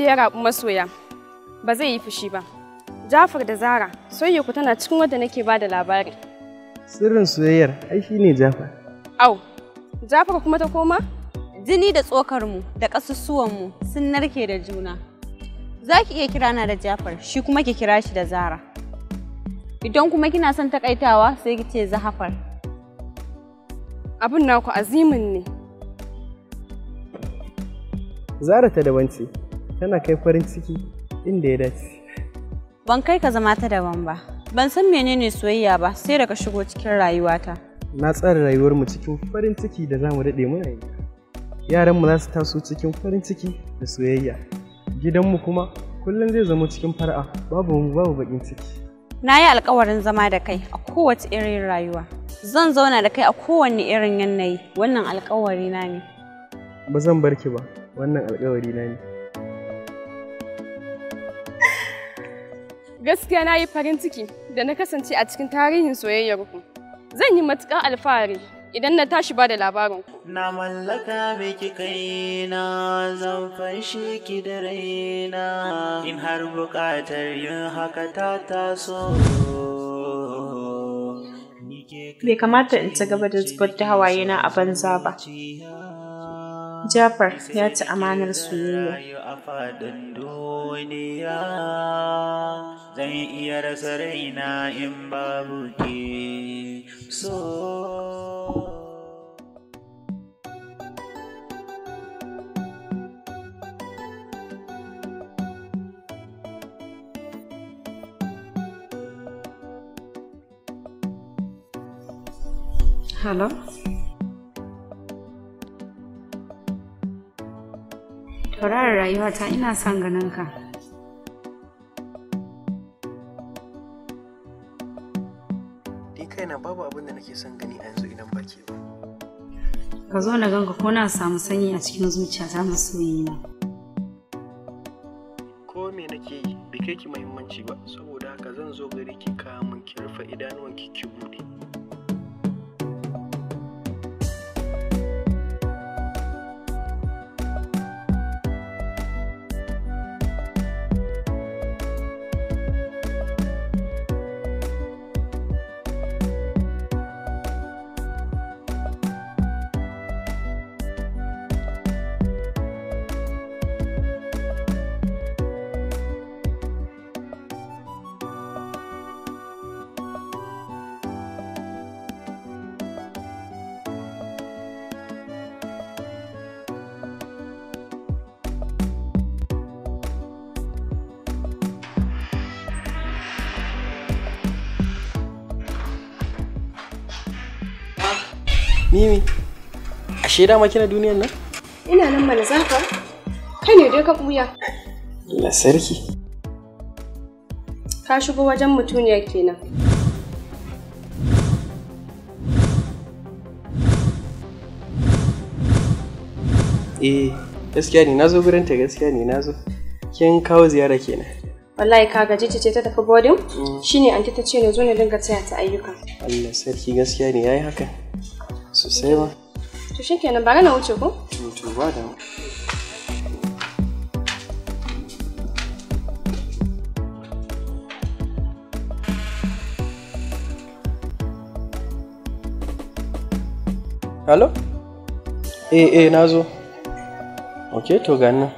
K: da ya rabu masoya ba zai yi fushi ba. Jafar da Zara, soyayya ku tana cikin wadda nake ba da labari.
A: Sirrin soyayyar ai shi ne Jafar.
B: Au, Jafar kuma ta koma? Jini da tsokar mu da mu sun narke da juna. Za ki iya kira na da Jafar, shi kuma ki kira shi da Zara. Idan kuma kina son takaitawa sai ki ce Zahafar. Abin naku azimin ne.
A: Zara ta da wance. tana kai farin ciki inda ya dace
B: ban kai ka zama ta daban ba ban san menene soyayya ba sai da ka shigo cikin rayuwata
A: na tsara rayuwarmu cikin farin ciki da zamu daɗe muna yi yaranmu za su taso cikin farin ciki da soyayya gidanmu kuma kullum zai zama cikin fara'a babu mu babu bakin ciki
B: na yi alkawarin zama da kai a kowace irin rayuwa zan zauna da kai a kowanne irin yanayi wannan alkawari na ne
A: ba zan barki ba wannan alkawari na ne
K: Gaskiya na yi farin ciki da na kasance a cikin tarihin soyayyar ku. Zan yi matuƙar alfahari idan na tashi ba da labarin ku.
E: Na mallaka miki kaina zan fashe ki da raina in har buƙatar yin haka ta taso.
B: Bai kamata in ci gaba da zubar da hawayena a banza ba. Jafar ya ci amanar
E: soyayya. Zan iya rasa raina in babu ke so.
F: Hello?
C: Tauraron rayuwata ina son ganin ka.
A: Ni kaina babu abin da nake son gani a yanzu idan ba ke ba.
C: Ka zo na ganka ko na samu sanyi a cikin zuciyata masoyina. Ko me nake yi bai kai ki muhimmanci ba saboda haka zan zo gari ki kawo min ki rufe idanuwan ki
A: ashe dama kina duniyar nan
K: ina nan mana zaka kai ne dai ka buya
A: Allah sarki
K: ka shigo wajen mutuniya kenan
A: eh gaskiya ne nazo gurin ta gaskiya ne nazo kin kawo ziyara kenan
K: wallahi ka gaji ce ta tafi bodin mm. shine anti ta ce ne zo ne dinga taya ta ayyuka
A: Allah sarki gaskiya ne yayi haka sosai ba
K: To shikenan bari na wuce ko?
A: To ba da. Hello? Eh eh nazo. ok to ganin.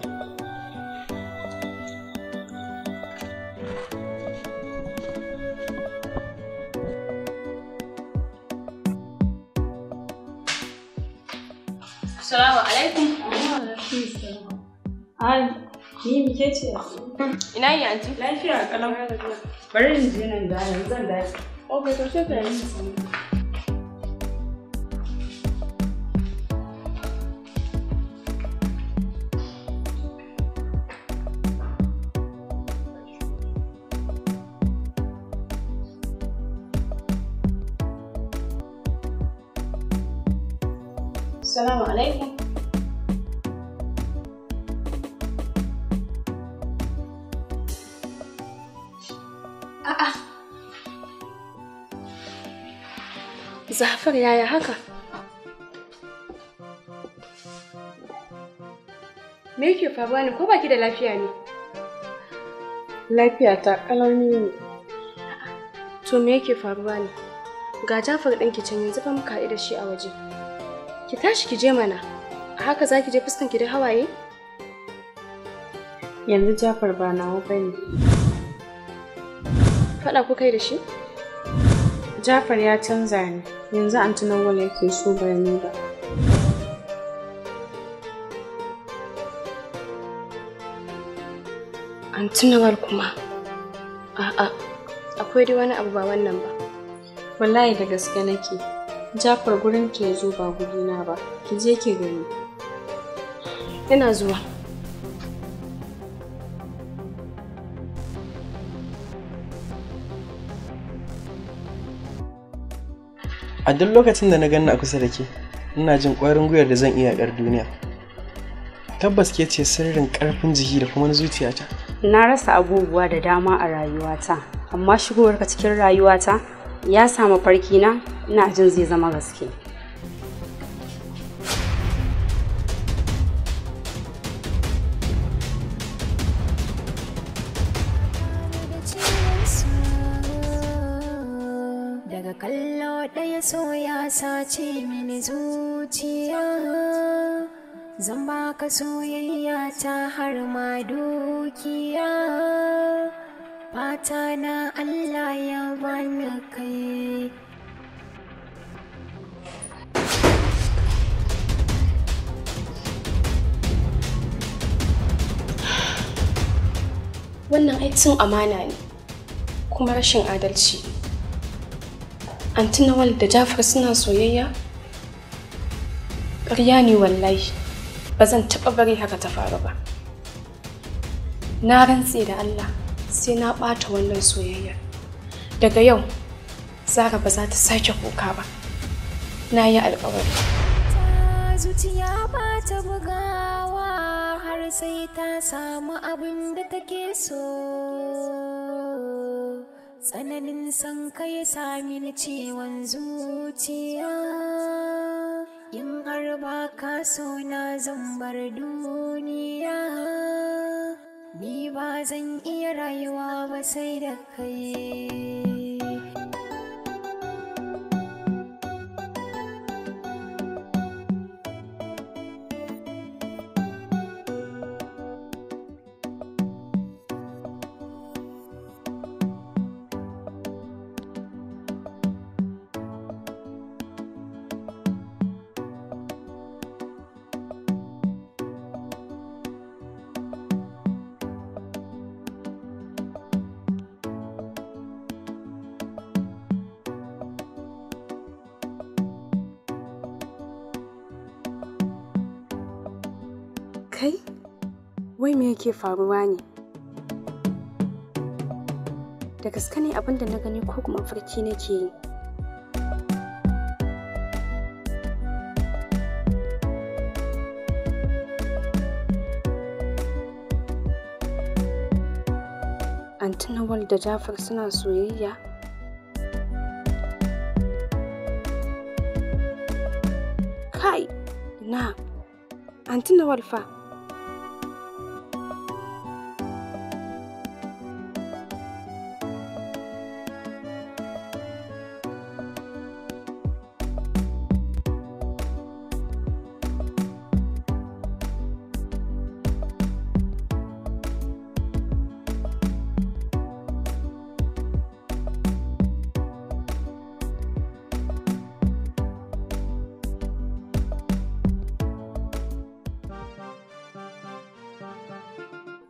K: anti? Lafiya kalau.
C: Bari in je nan da zan dace. Okay, to sai ka yi.
K: yaya haka me yake faruwa ne ko baki da lafiya ne
E: lafiya ta kalami ne
K: to me yake faruwa ne ga jafar ɗinki can yanzu fa muka da shi a waje ki tashi ki je mana a haka za ki je fuskan ki da hawaye
B: yanzu jafar ba nawa bane faɗa ku kai da shi Jafar ya canza ne yanzu Anti Nawal yake so ba ni ba.
K: Anti kuma? A'a, akwai dai wani abu ba wannan ba. Wallahi da gaske nake. Jafar gurin ki ya zo ba gudina ba, ki je ki gani. Ina zuwa.
A: a duk lokacin da na ganni a kusa da ke ina jin ƙwarin gwiwar da zan iya yaƙar duniya tabbas ke ce sirrin ƙarfin jiki da kuma zuciyata
C: na rasa abubuwa da dama a rayuwata amma shigowarka cikin rayuwata ya samu farkina ina jin zai zama gaske
J: soya ya sace mini zuciya zan baka soyayya ta har ma dukiya fata na Allah ya bani kai
K: wannan aikin amana ne kuma rashin adalci Anti Nawal da Jafar suna soyayya? Ƙarya ne wallahi, ba zan taɓa bari haka ta faru ba. Na rantse da Allah sai na ɓata wannan soyayya Daga yau, Zara ba za ta sake kuka ba. Na yi alƙawari.
J: Zuciya ba ta bugawa har sai ta samu abin da take so. tsananin san kai ya sami ciwon zuciya in har ka so na zan bar duniya ni ba zan iya rayuwa ba sai da
F: kai
K: wai me yake faruwa ne da gaske ne abin da na gani ko kuma farki nake yi Antinawal da Jafar suna soyayya? Kai, na, Antinawal fa.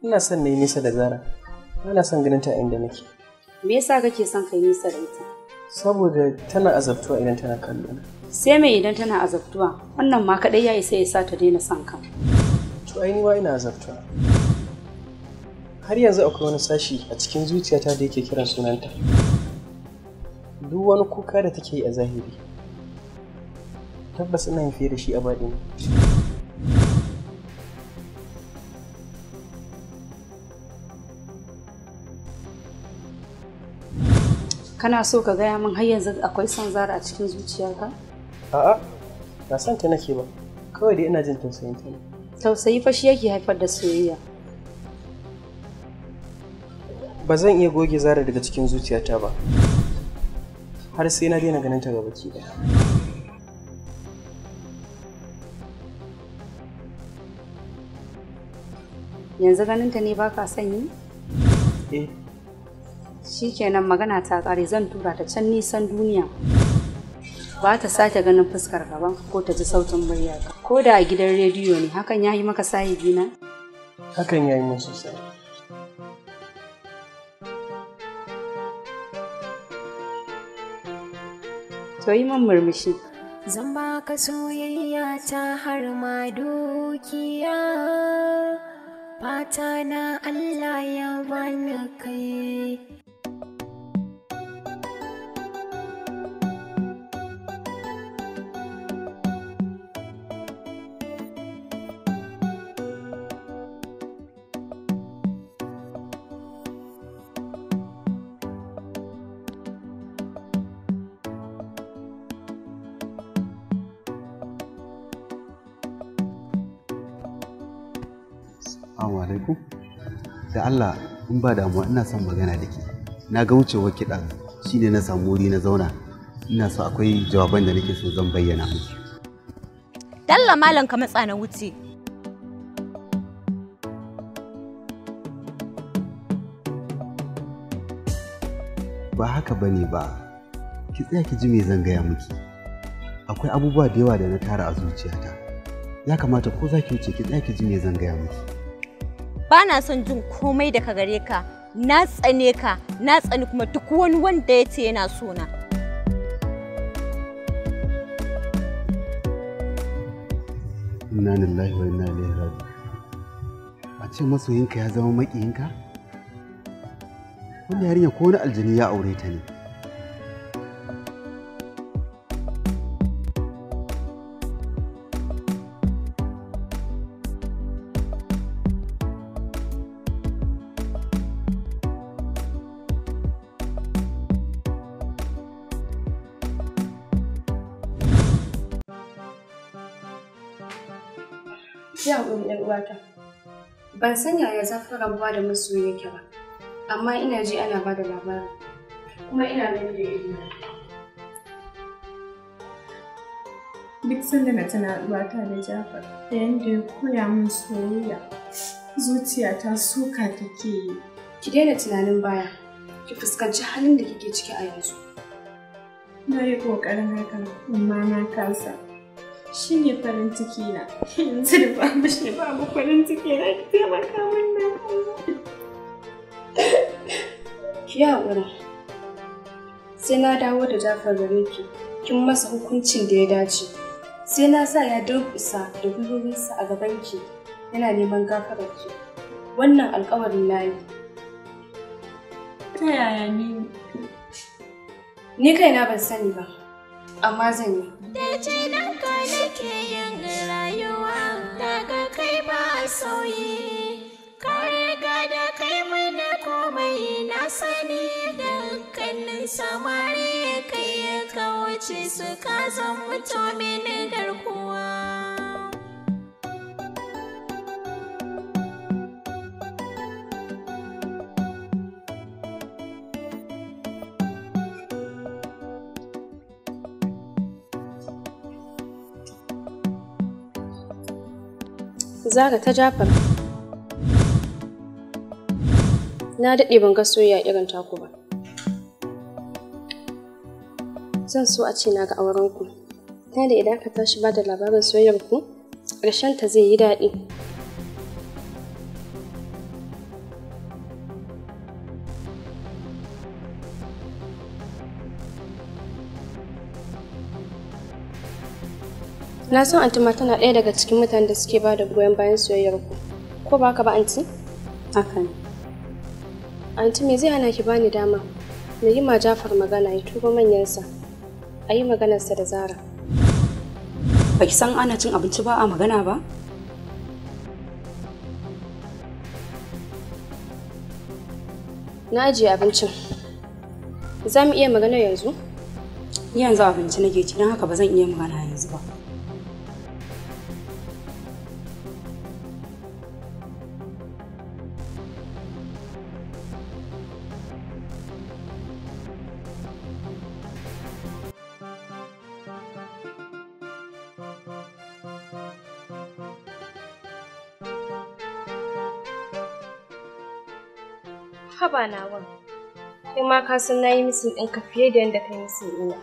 A: ina son na yi nisa da zara ina son ganin ta inda nake
C: me yasa kake son kai nisa da ita
A: saboda tana azabtuwa idan tana kallo
C: sai me idan tana azabtuwa wannan ma kaɗai ya isa ya sa ta daina son ka
A: to ai ni ina azabtuwa har yanzu akwai wani sashi a cikin zuciyata da yake kiran sunanta duk wani kuka da take yi a zahiri tabbas ina yin fiye da shi a baɗi
C: kana so ka gaya min har yanzu akwai son zara a cikin zuciyarka
A: a'a ba san ta nake ba kawai dai ina jin tausayin ta ne
C: tausayi fa shi yake haifar da soyayya
A: ba zan iya goge zara daga cikin zuciyata ba har sai na daina ganin ta ga baki daya
C: yanzu ganin ta ne baka son yi eh shikenan magana ta ƙare zan tura ta can nisan duniya ba ta sake ganin fuskar gaban ko ta ji sautin muryarka ko da a gidan rediyo ne hakan ya yi maka sahibi na hakan ya yi min sosai to yi man murmushi
J: zan ba ka soyayya ta har ma dukiya fata na Allah ya bani kai
I: Allah in ba damuwa ina son magana da ke na ga wucewa kiɗa ne na samu wuri na zauna ina so akwai jawaban da nake so zan bayyana miki
B: dalla malam ka matsa na wuce
I: ba haka bane ba ki tsaya ki ji me zan gaya miki akwai abubuwa da yawa da na tara a zuciyata ya kamata ko za ki wuce ki tsaya ki ji me zan gaya miki
B: Bana son jin komai daga gare ka na tsane ka na tsani kuma duk wani wanda ya ce yana so na
I: inna lillahi wa inna ilaihi raji a ce masoyinka ya zama maƙiyinka wani yarinya ko wani aljini ya aure ta ne
K: Ya haƙuri ‘yan uwata. Ban san yaya zafin rabuwa da masoyi yake ba, amma ina ji ana ba da labarin. Kuma ina gani da ido.
E: Duk sanda na tana haɗuwata da Jafar, da yadda ya koya min soyayya,
K: zuciyata suka take yi. Ki daina tunanin baya, ki fuskanci
B: halin da kike ciki a yanzu. Na yi ƙoƙarin hakan, amma na kasa. shi ne farin ciki na yanzu da babu shi babu farin ciki na ki taimaka min nan ki haƙura
K: sai na dawo da jafar gare ki kin masa hukuncin da ya dace sai na sa ya durƙusa da gwiwowinsa a gaban ki yana neman gafarar ki wannan alƙawarin na yi ta yaya ni ni kaina ban sani ba amma zan yi. Da
G: jinan ka nake yin rayuwa daga kai ba sauyi. Ka ga da kai mana komai na sani dukkanin samari kai ya kawo kawace su ka zama mutumin garkuwa.
K: zaga ta Jafar. Na daɗe ban ga soyayya irin taku ba. Zan so a ce na ga aurenku. Ta da idan ka tashi ba da labarin soyayyarku, ƙarshen ta zai yi daɗi. Na san Antuma tana ɗaya daga cikin mutanen da suke ba da goyon bayan soyayyar ku. Ko ba ka ba Anti? ne. Anti me zai hana ki bani dama? Na yi ma Jafar magana ya tuba manyansa. A yi maganarsa da Zara.
C: Ba ki san ana cin abinci ba a magana ba? Na ajiye abincin.
K: Za mu iya magana yanzu?
C: Yanzu abinci nake ci don haka ba zan iya magana yanzu ba.
K: ba nawan. Kai ma ka san nayi misin ɗinka fiye da yadda kai misin ina.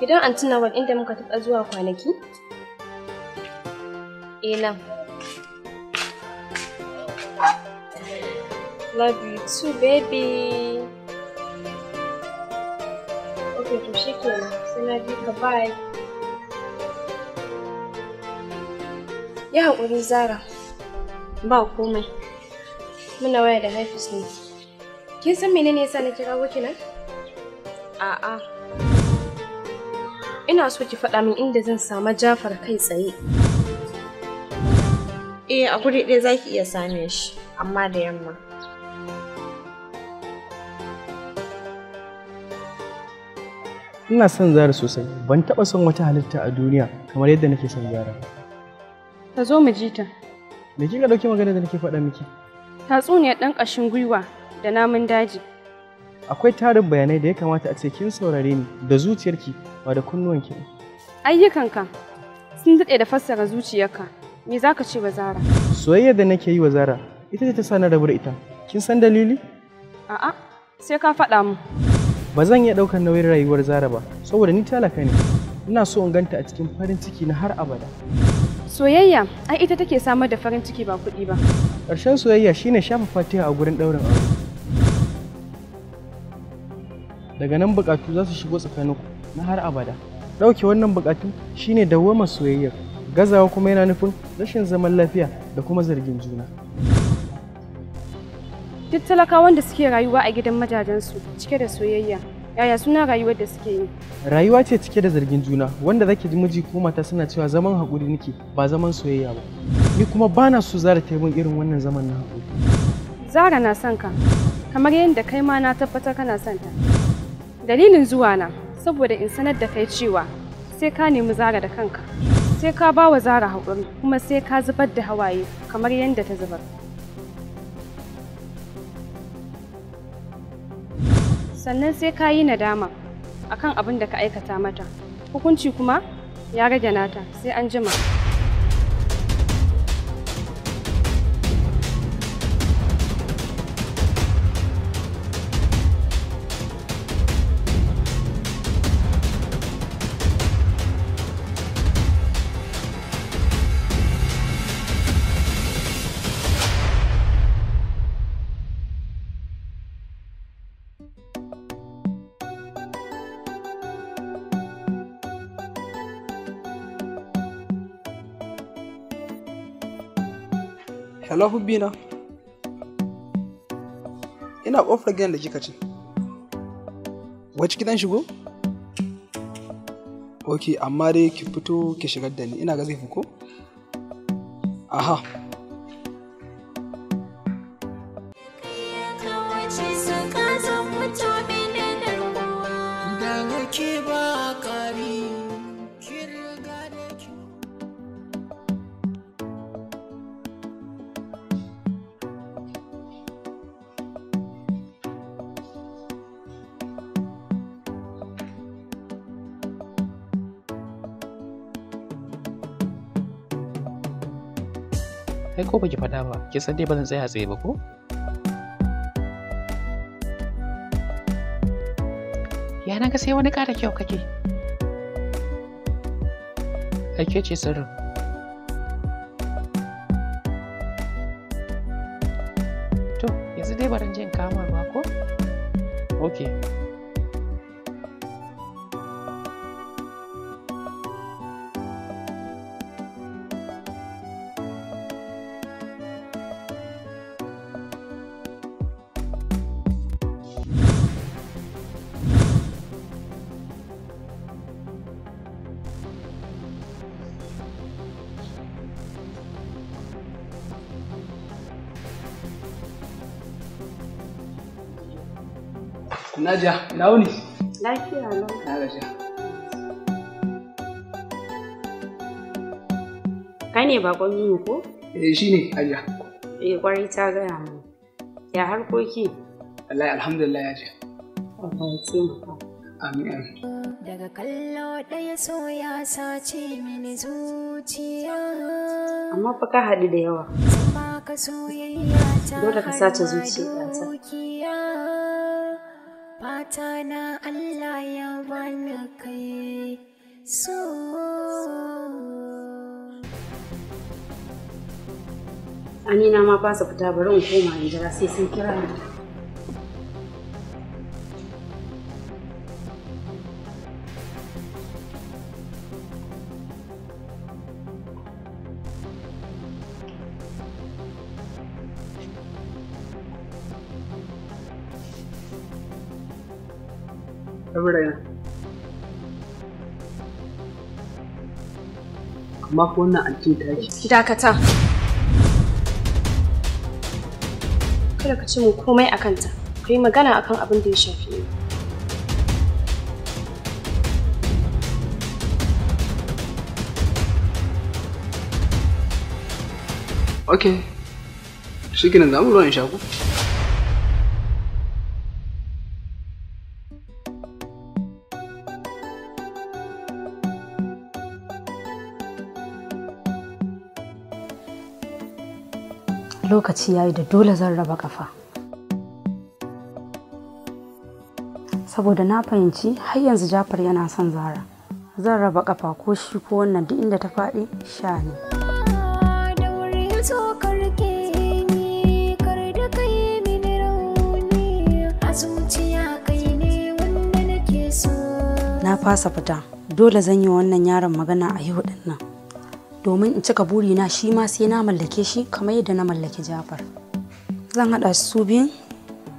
K: Gidan Anti wani inda muka taɓa zuwa kwanaki? Eh nan. Love you too, baby. Okay, to shi nan, Sai na bi ka bye. Yi haƙuri, Zara. ba komai muna waya da haifis ne kin san menene yasa na kira ki nan a'a ina so ki faɗa min inda zan samu jafar kai tsaye
B: eh a guri ɗaya za ki iya same shi amma da yamma
A: ina son zara sosai ban taɓa son wata halitta a duniya kamar yadda nake son zara
K: ta zo mu ji ta
A: Me kika dauki magana da nake faɗa miki?
K: Tatsuniyar ɗan ƙashin gwiwa da namun daji.
A: Akwai tarin bayanai da ya kamata a ce kin saurare ni da zuciyarki ba da kunnuwanki.
K: Ayyukanka sun daɗe da fassara zuciyarka. Me za ka ce wa Zara?
A: Soyayya da nake yi wa Zara ita ce ta sa na rabu da ita. Kin san dalili? A'a, sai ka faɗa mu. Ba zan iya ɗaukar nauyin rayuwar Zara ba, saboda ni talaka ne. Ina so in ganta a cikin farin ciki na har abada.
K: Soyayya ai ita take samar da farin ciki ba kuɗi ba.
A: Ƙarshen soyayya shine shafa fatiha a gurin ɗaurin aure. Daga nan buƙatu za su shigo tsakaninku na har abada. Ɗauke wannan buƙatu shine dawwamar soyayyar. Gazawa kuma yana nufin rashin zaman lafiya da kuma zargin juna.
K: Duk talakawan da suke rayuwa a gidan majajensu cike da soyayya Yaya suna rayuwar da suke yi?
A: Rayuwa ce cike da zargin juna wanda zaki ji miji ko mata suna cewa zaman hakuri nake ba zaman soyayya ba. Ni kuma ba na so Zara ta irin wannan zaman na haƙuri.
K: Zara na son ka kamar yadda kai ma na tabbatar kana son ta. Dalilin zuwa na saboda in sanar da kai cewa sai ka nemi Zara da kanka. Sai ka ba wa Zara haƙuri kuma sai ka zubar da hawaye kamar yadda ta zubar. sannan sai ka yi nadama akan abin da ka aikata mata hukunci kuma ya rage nata sai an jima.
I: Hello Hubbina. Ina ƙofar gidan da kika ce. Wacce gidan shigo? Ok, amma dai ki fito ki shigar da ni, ina ga zai ko? Aha.
E: kai ko baki faɗa ba ki san dai ba zan tsaya tsaye ba ko ya na ga sai wani ƙara kyau kake ake ce sirrin
I: Naja, ina wuni?
C: Lafiya lau. Na gaja. Kai ne bakon yini ko?
I: Eh shi ne Hajiya.
C: Eh kwarai ta gaya mu.
I: Ya harkoki? Wallahi alhamdulillah ya je. Allah ya taimaka. Amin amin.
J: Daga kallo ɗaya so ya sace mini zuciya.
C: Amma fa ka haɗu da yawa.
J: Dole ka sace zuciya. tana Allah ya bani kai so
C: Anina ma fasa fita bari in koma in jira sai sun kira
F: ni.
I: amma ko wannan antin
F: ta
K: dakata kada ka ce mu komai a kanta ka yi magana akan abin da ya shafi ni
I: ok Shi kenan za mu ruwan shaku.
C: lokaci yayi da dole zan raba kafa saboda na fahimci har yanzu jafar yana son zara zan raba kafa ko shi ko wannan duk inda ta faɗi sha ne na fasa fita dole zan yi wannan yaron magana a yau dinnan domin in cika burina shi ma sai na mallake shi kamar yadda na mallaki jafar zan haɗa su biyun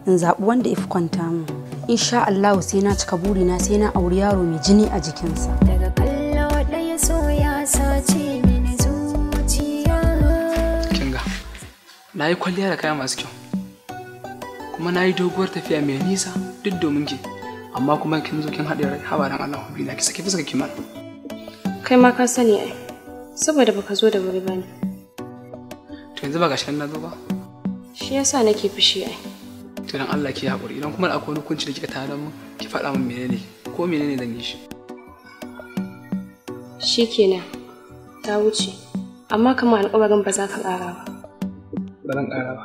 C: in zaɓi wanda ifi kwanta mu insha allahu sai na cika burina sai na auri
I: yaro mai jini a jikinsa kinga na yi kwalliya da kaya masu kyau kuma na yi doguwar tafiya mai nisa duk domin ki amma kuma kin zo kin haɗe hawa dan Allah ku bi na ki saki fuska kimar
K: kai ma ka sani ai saboda baka zo da
I: wuri bane to yanzu ba gashi na zo ba
K: shi yasa nake fushi ai
I: to dan Allah ki haƙuri idan kuma akwai wani kunci da kika tare mu ki faɗa min menene ko menene zan yi shi
K: shikenan ta wuce amma kamar alƙawarin ba za ka ƙara ba
I: ba zan ƙara ba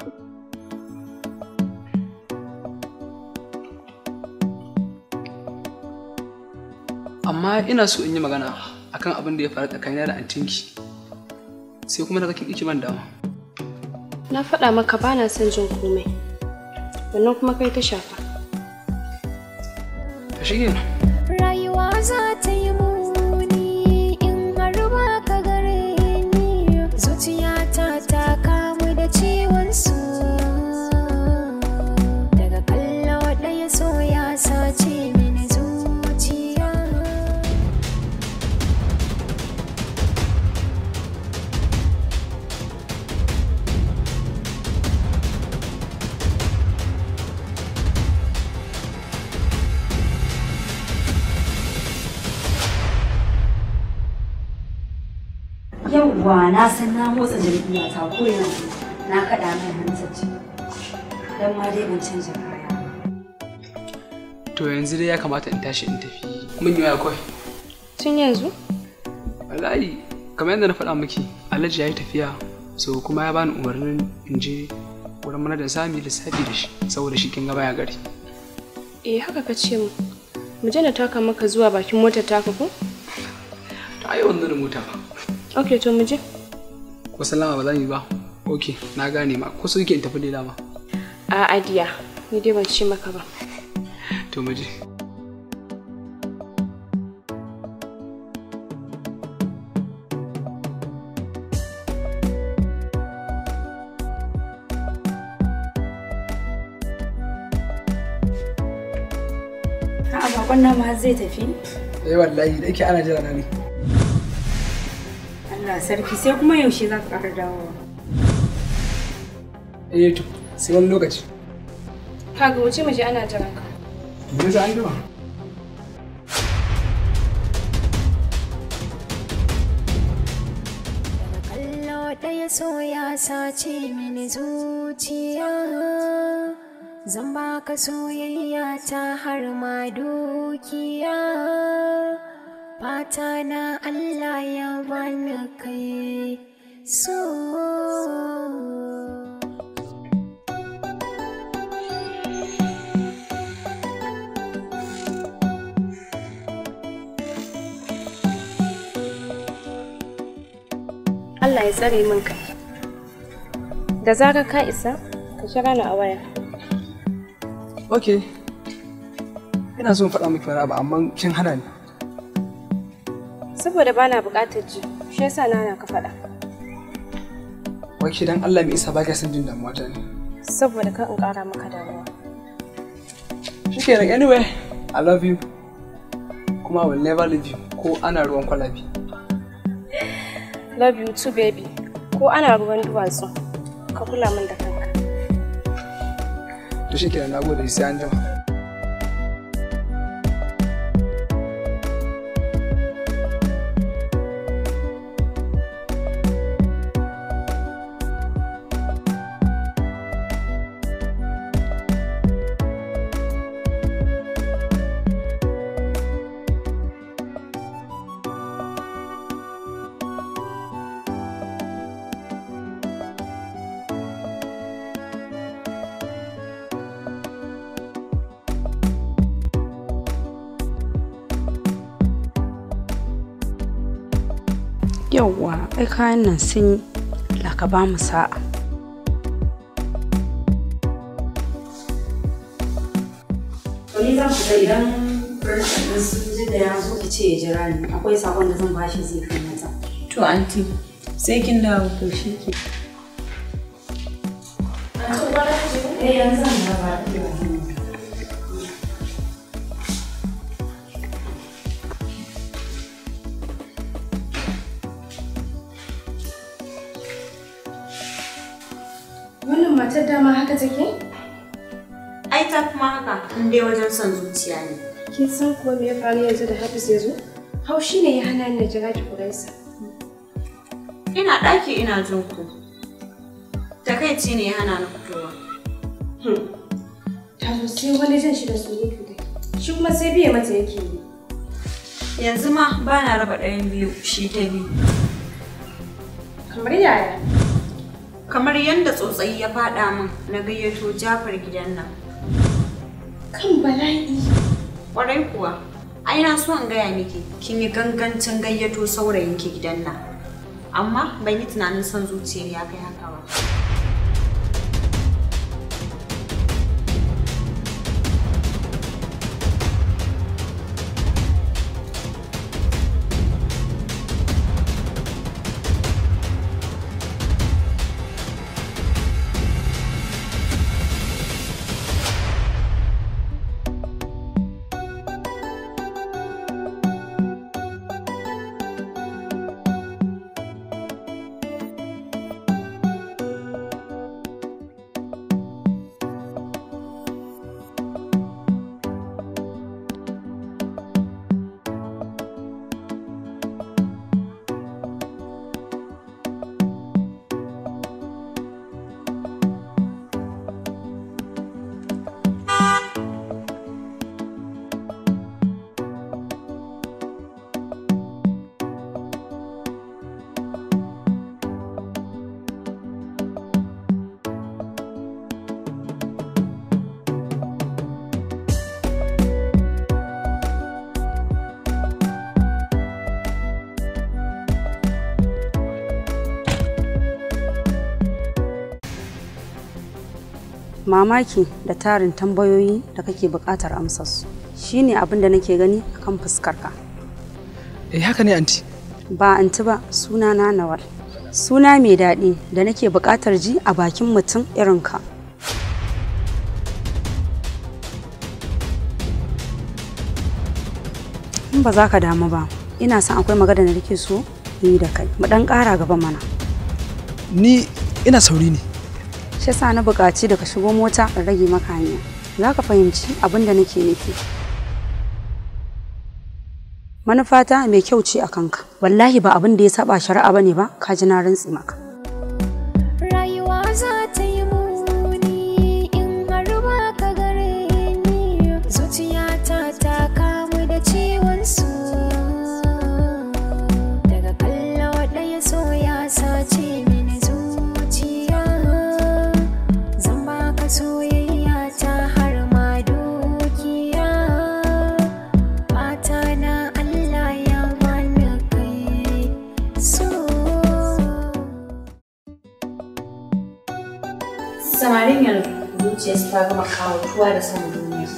I: amma ina so in yi magana akan abin da ya faru tsakanina da antinki sai kuma na kake kici man dama
K: na faɗa maka ba na son jin komai wannan kuma kai ta shafa
I: ta shi
C: unguwa na san na motsa jam'iyya ta ko yanzu na kaɗa mai hanzarci don ma dai ban canja kaya
I: to yanzu dai ya kamata in tashi in tafi mun yi waya kawai tun yanzu wallahi kamar yadda na faɗa miki alhaji ya yi tafiya so kuma ya bani umarnin in je wurin mana da sami lissafi da shi saboda shi kin gaba ya gari
K: eh haka ka ce mu mu je na taka maka zuwa bakin motar taka ko
I: ta yi wannan mota ba ok to mu je ko sallama ba za yi ba ok na gane ma ko suke in tafi da dama
K: a adiya ni dai ban ce maka ba
I: to mu je
C: Bakon nama zai tafi?
I: Eh wallahi da yake ana jira na ne.
C: da sarki sai kuma yaushe za ka ƙara dawowa.
I: Eh to sai wani lokaci.
K: ka ga wuce mu je ana jiran ka.
I: Me yasa an gama?
J: ɗaya so ya sace mini zuciya zan baka soyayya ta har ma dukiya fata na Allah ya bani kai
F: so
C: Allah
K: ya tsare min kai da za ka isa ka kira na a waya
I: okay ina son faɗa miki wani abu amma kin hana ni
K: Saboda bana buƙatar ji, shi yasa na na ka faɗa.
I: Wai ki dan Allah mai isa ba ka san jin damuwa ta ne.
K: Saboda ka in ƙara maka damuwa.
I: Shikenan anyway, I love you. Kuma I will never leave you ko ana ruwan kwalabi.
K: Love you too baby. Ko ana ruwan duwatsu. Ka kula min da kanka.
I: To shikenan nagode sai an jima.
C: ai kayan nan sun laka ba mu sa'a ni za ku ga idan rashin sun ji da ya zo ki ce ya jira ni akwai sakon da zan ba shi zai kai mata to anti sai kin dawo to shi ke
E: a cikin eh, yanzu zan
C: ba da
B: dai wajen son zuciya ne.
K: Kin san kuwa me ya faru yanzu da Hafiz ya zo? shi ne ya hana ni na jira ki kurensa.
B: Ina ɗaki ina jin ku. Takaici ne ya hana ni fitowa. Hmm.
K: Ta zo sai wani jan shi da ne take. Shi kuma sai biye mata yake yi.
B: Yanzu ma ba na raba ɗayan biyu shi ta biyu. Kamar yaya? Kamar yadda tsotsayi ya faɗa min na gayyato Jafar gidan nan. kan bala'i kwarai kuwa ai na so an gaya miki kin yi gangancin gayyato saurayinki gidan nan amma ban yi tunanin son zuciyar ya kai haka ba
C: mamaki da tarin tambayoyi da kake buƙatar amsarsu shine abin da nake gani akan fuskarka
I: eh haka ne anti
C: ba anti ba suna na nawal suna mai daɗi da nake buƙatar ji a bakin mutum irin ka in ba za ka damu ba ina son akwai magana da nake so yi da kai mu ɗan ƙara gaba mana
I: ni ina sauri ne
C: shi na buƙaci daga shigo mota in rage maka hanya za ka fahimci abin da nake nufi manufata mai kyau ce a kanka wallahi ba abin da ya saba shari'a bane ba ka ji na rantsi maka
J: zuciyarsu ta gama
B: tuwa da son duniya.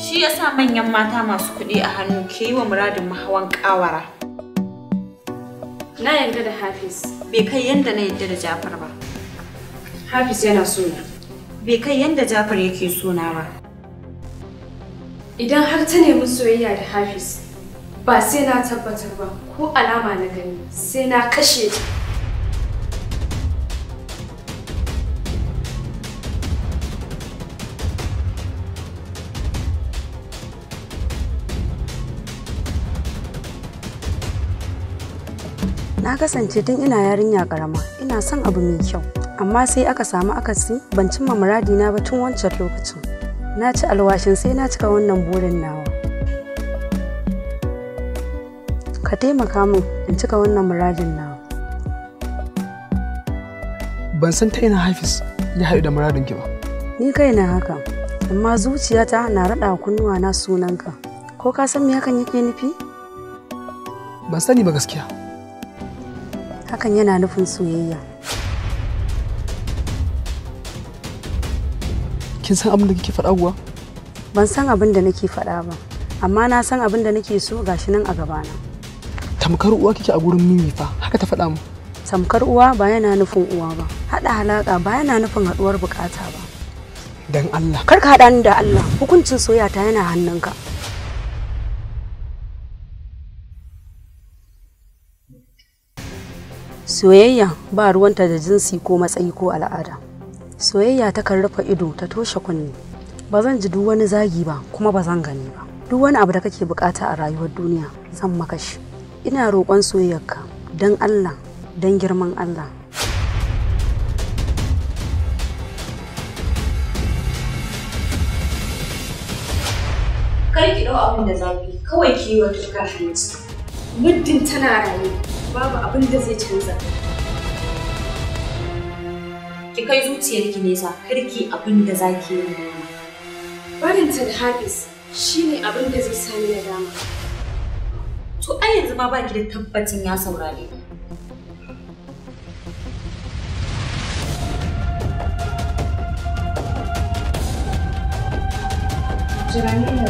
B: Shi ya sa manyan mata masu kuɗi a hannu ke yi wa muradin mahawan ƙawara. Na yarda da Hafiz. Bai kai yadda na yarda da Jafar ba. Hafiz yana suna. Bai kai yadda Jafar yake sona ba.
K: Idan har ta nemi soyayya da Hafiz, ba sai na tabbatar ba ko alama na gani sai na kashe ta.
C: Na kasance tun ina yarinya karama ina son abu mai kyau, amma sai aka samu akasi ban cimma muradina ba tun wancan lokacin. Na ci alwashin sai na cika wannan burin nawa. Ka taimaka min in cika wannan muradin nawa.
I: Ban san ta ina Hafis ya haɗu da muradin ki ba.
C: Ni kai na haka, amma zuciyata na raɗa kunnuwa na sunanka. Ko ka san me hakan yake nufi?
I: Ban sani ba gaskiya. hakan yana nufin soyayya
C: kin san abin da kike faɗa kuwa ban san abin da nake faɗa ba amma na san abin da nake so gashi nan a gabana
I: tamkar uwa kike a gurin mimi fa haka ta faɗa mu
C: tamkar uwa ba yana nufin uwa ba haɗa halaka ba yana nufin haɗuwar bukata ba dan Allah kar ka haɗa ni da Allah hukuncin soyayya ta yana hannunka soyayya ba ruwanta da jinsi ko matsayi ko al'ada soyayya takan rufe ido ta toshe kunne ba zan ji duk wani zagi ba kuma ba zan gani ba duk wani abu da kake bukata a rayuwar duniya zan maka shi ina roƙon soyayyarka don allah don girman allah
B: kar ki dau abin da zafi kawai
K: ki yi wa tukar hanci muddin tana rayuwa babu abin da zai canza. Ki kai zuciyarki nesa karki abin da
B: za ki yi.
C: Barinta da Hafiz shi ne abin da zai sami na dama. To ai yanzu ma baki da tabbacin ya saurare ni.
K: Jirani ina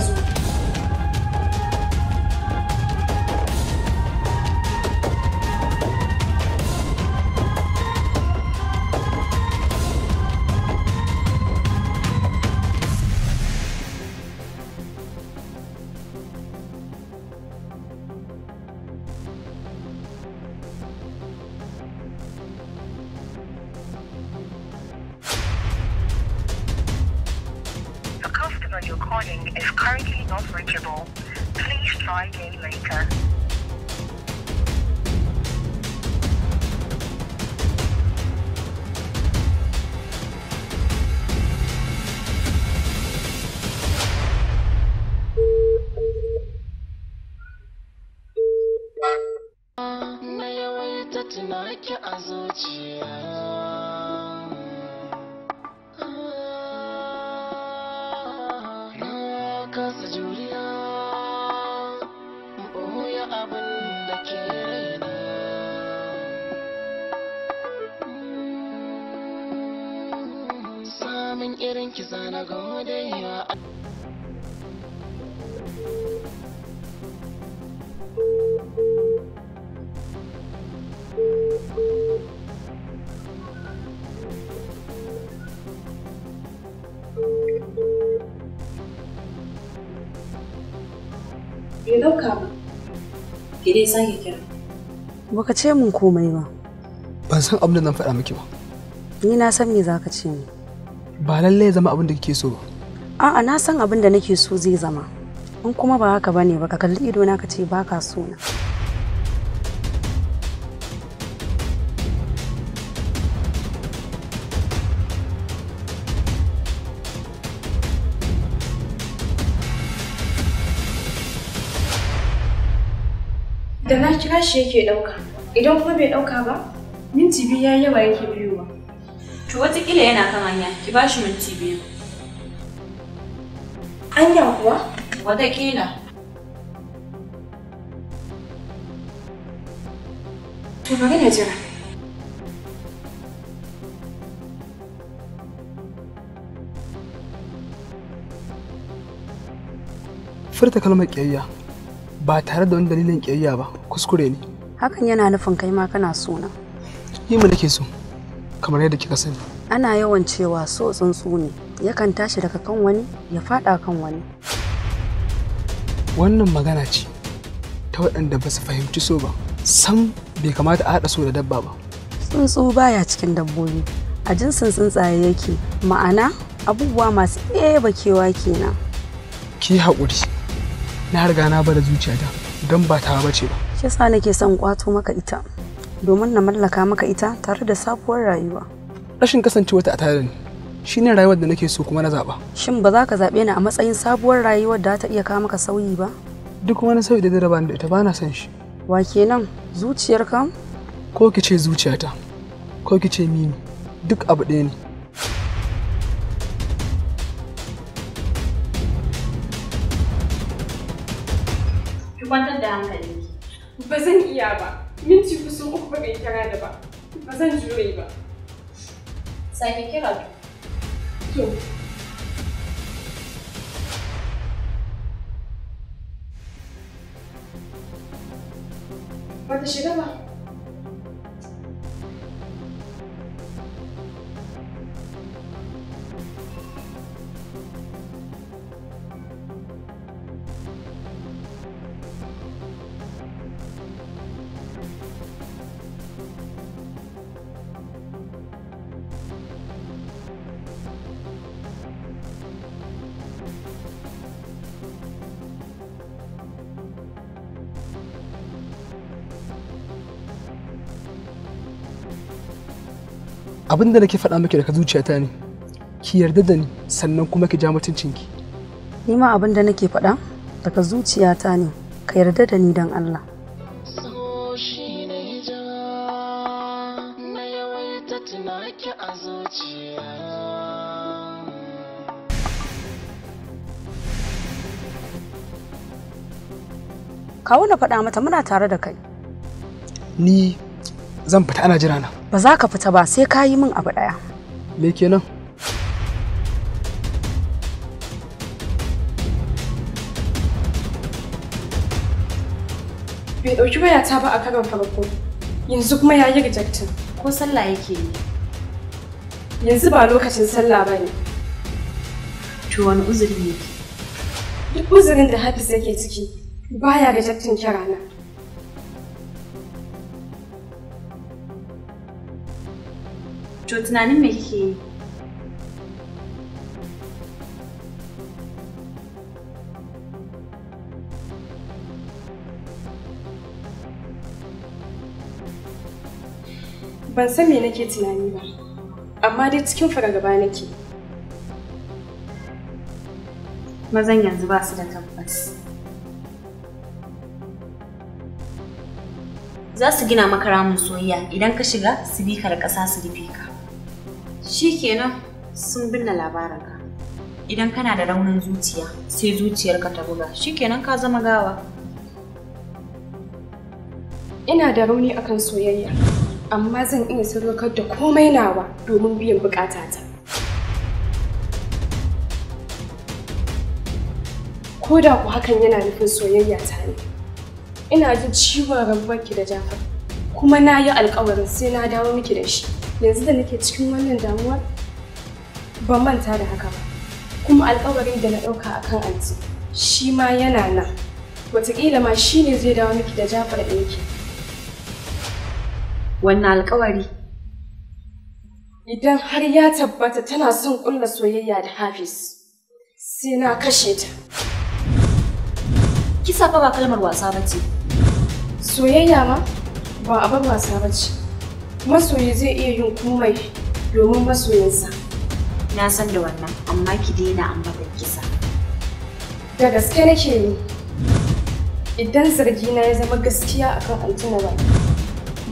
K: sake kira.
C: Baka ce min komai ba.
I: Ban san abin da zan faɗa miki ba.
C: Ni na san me za ka ce min.
I: Ba lallai ya zama abin da kike so ba.
C: A'a na san abin da nake so zai zama. In kuma ba haka bane ba ka kalli ido na ka ce baka so na.
K: sashi yake ɗauka idan kuma bai ɗauka ba minti biyu yayi yawa yake biyowa
B: to watakila yana kan hanya ki ba shi minti biyu anya kuwa watakila to bari na jira
I: furta kalmar ƙiyayya ba tare da wani dalilin ƙiyayya ba kuskure ne
C: hakan yana nufin kai ma kana suna. na
I: ni mu nake so kamar yadda kika sani
C: ana yawan cewa so tsuntsu ne yakan tashi daga kan wani ya fada kan wani
I: wannan magana ce ta waɗanda ba su fahimci so ba sam bai kamata a haɗa so da dabba ba
C: tsuntsu baya cikin dabbobi a jinsin tsuntsaye yake ma'ana abubuwa masu ɗeba kewa kenan
I: ki haƙuri na riga na bar zuciyata don ba ta bace ba
C: shi yasa nake son kwato maka ita domin na mallaka maka ita tare da sabuwar rayuwa
I: rashin kasancewa ta tare ni shine rayuwar da nake so kuma na zaba
C: shin ba za ka zabe ni a matsayin sabuwar rayuwar da ta iya kawo maka sauyi ba
I: duk wani sauyi da zai raba ni da ita ba na son shi wa kenan zuciyarka ko ki ce zuciyata ko ki ce mimi duk abu ɗaya ne
K: ba zan iya ba minti kusan uku ba bai kira da ba
C: ba zan jure ba sake kira to
K: ba ta shiga ba
I: abin da nake faɗa miki daga zuciyata ne ki yarda da ni sannan kuma ki ja mutuncinki
C: ni ma abin da nake faɗa daga zuciyata ne ka yarda da ni don Allah kawo na faɗa mata muna tare da kai
I: ni zan fita ana jira na
C: ba za ka fita ba sai ka yi min abu daya
I: me kenan
K: bai dauki wayata ba a karon farko yanzu kuma ya yi rejectin ko sallah yake yi yanzu ba lokacin sallah ba ne
C: to wani uzuri ne
K: duk uzurin da hafiz yake ciki baya rejectin kirana
B: To tunanin me kike yi?
K: Ban san me nake tunani ba, amma dai cikin fargaba nake.
B: Mazan yanzu ba su da tabbas. Za su gina maka ramin soyayya idan ka shiga su bi ka da ƙasa su rufe ka. Shikenan sun binne ka, Idan kana da raunin zuciya sai zuciyarka ta buga shikenan ka zama gawa.
K: Ina da rauni akan soyayya amma zan iya sadaukar da komai nawa domin biyan bukatata. Ko da ku hakan yana nufin soyayya ta ne. Ina jin ciwon rabuwarki da Jafar kuma na yi alkawarin sai na dawo miki da shi. yanzu da nake cikin wannan damuwar ban manta da haka ba kuma alkawarin da na ɗauka akan anti shi ma yana nan wataƙila ma shi ne zai dawo miki da jafar ɗinki
B: wannan alkawari
K: idan har ya tabbata tana son ƙulla soyayya da hafiz sai na kashe ta kisa fa ba kalmar wasa ba ce soyayya ma ba abin wasa ba ce masoyi zai iya yin komai domin masoyinsa. Na san da wannan, amma ki daina da kisa. Da gaske nake yi. Idan zargina ya zama gaskiya akan antuna ba,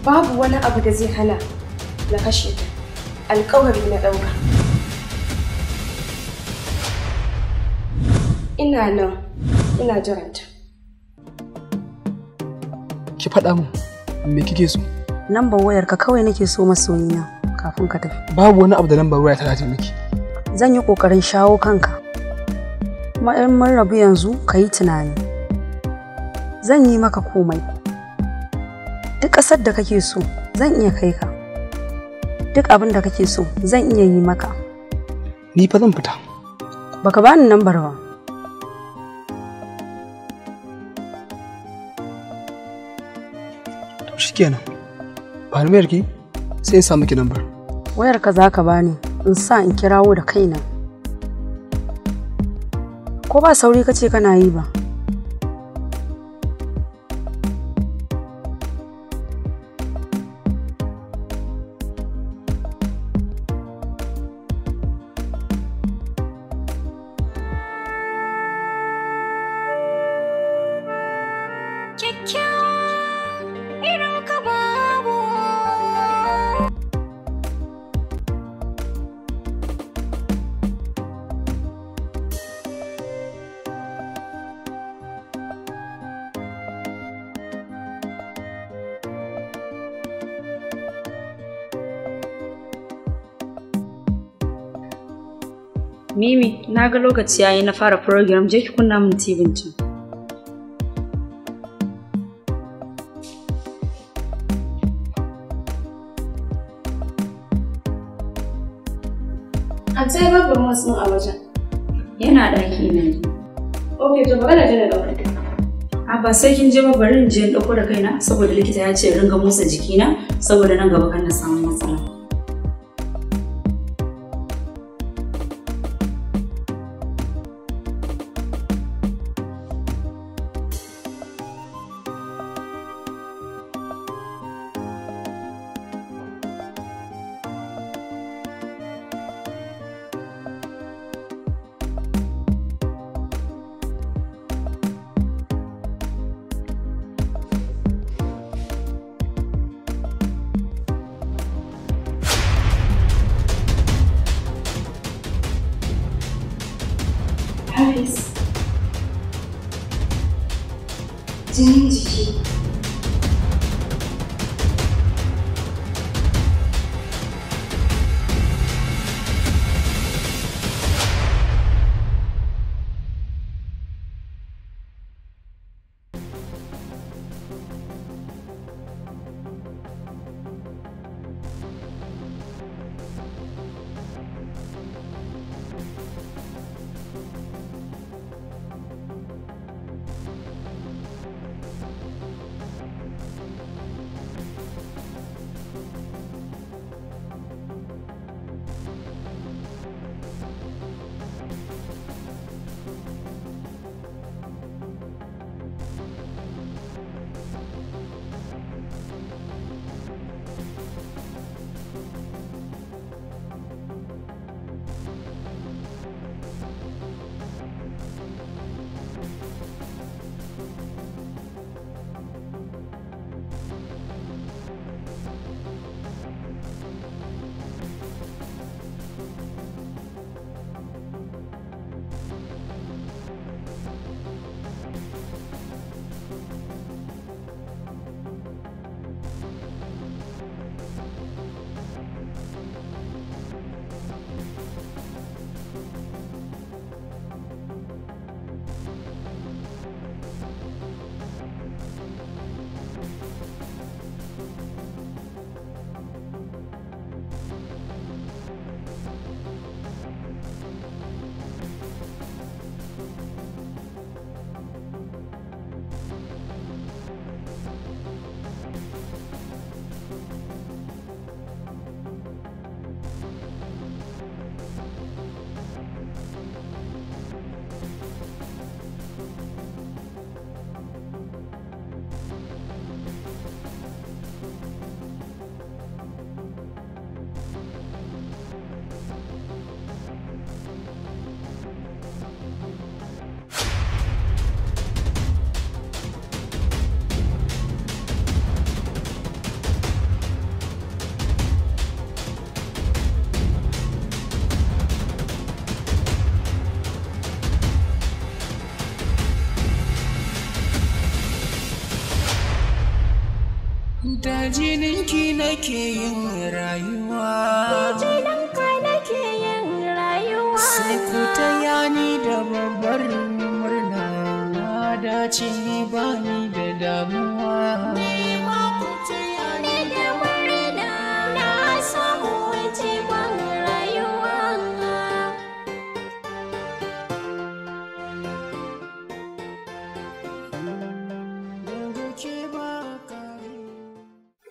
K: babu wani abu da zai hana na kashe ta. Alkawari na ɗauka. Ina nan, ina jiranta.
I: Ki faɗa min, me kike so? lambar wayar ka kawai nake so masoyina kafin ka tafi babu wani abu da lambar waya ta miki zan yi kokarin
C: shawo kanka kuma in mun rabu yanzu ka yi tunani zan yi maka komai duk ƙasar da kake so zan iya kai ka duk abin da kake so zan iya yi maka ni fa zan fita baka bani lambar ba
I: shikenan Falmiyar ki sai in samu lambar.
C: Wayar ka za ka bani in sa in kirawo da kaina. Ko ba sauri kace kana yi ba? Na ga lokaci ya yi na fara program je ki kunna min TV can.
K: A tsaye babban wasu a wajen.
C: Yana ɗaki na ne. Ok, to bari na je da ɗauka. A ba sai kin je ba bari in je in ɗauko da kaina saboda likita ya ce ringa motsa jikina saboda nan gaba kana samun matsala.
E: jininki nake yin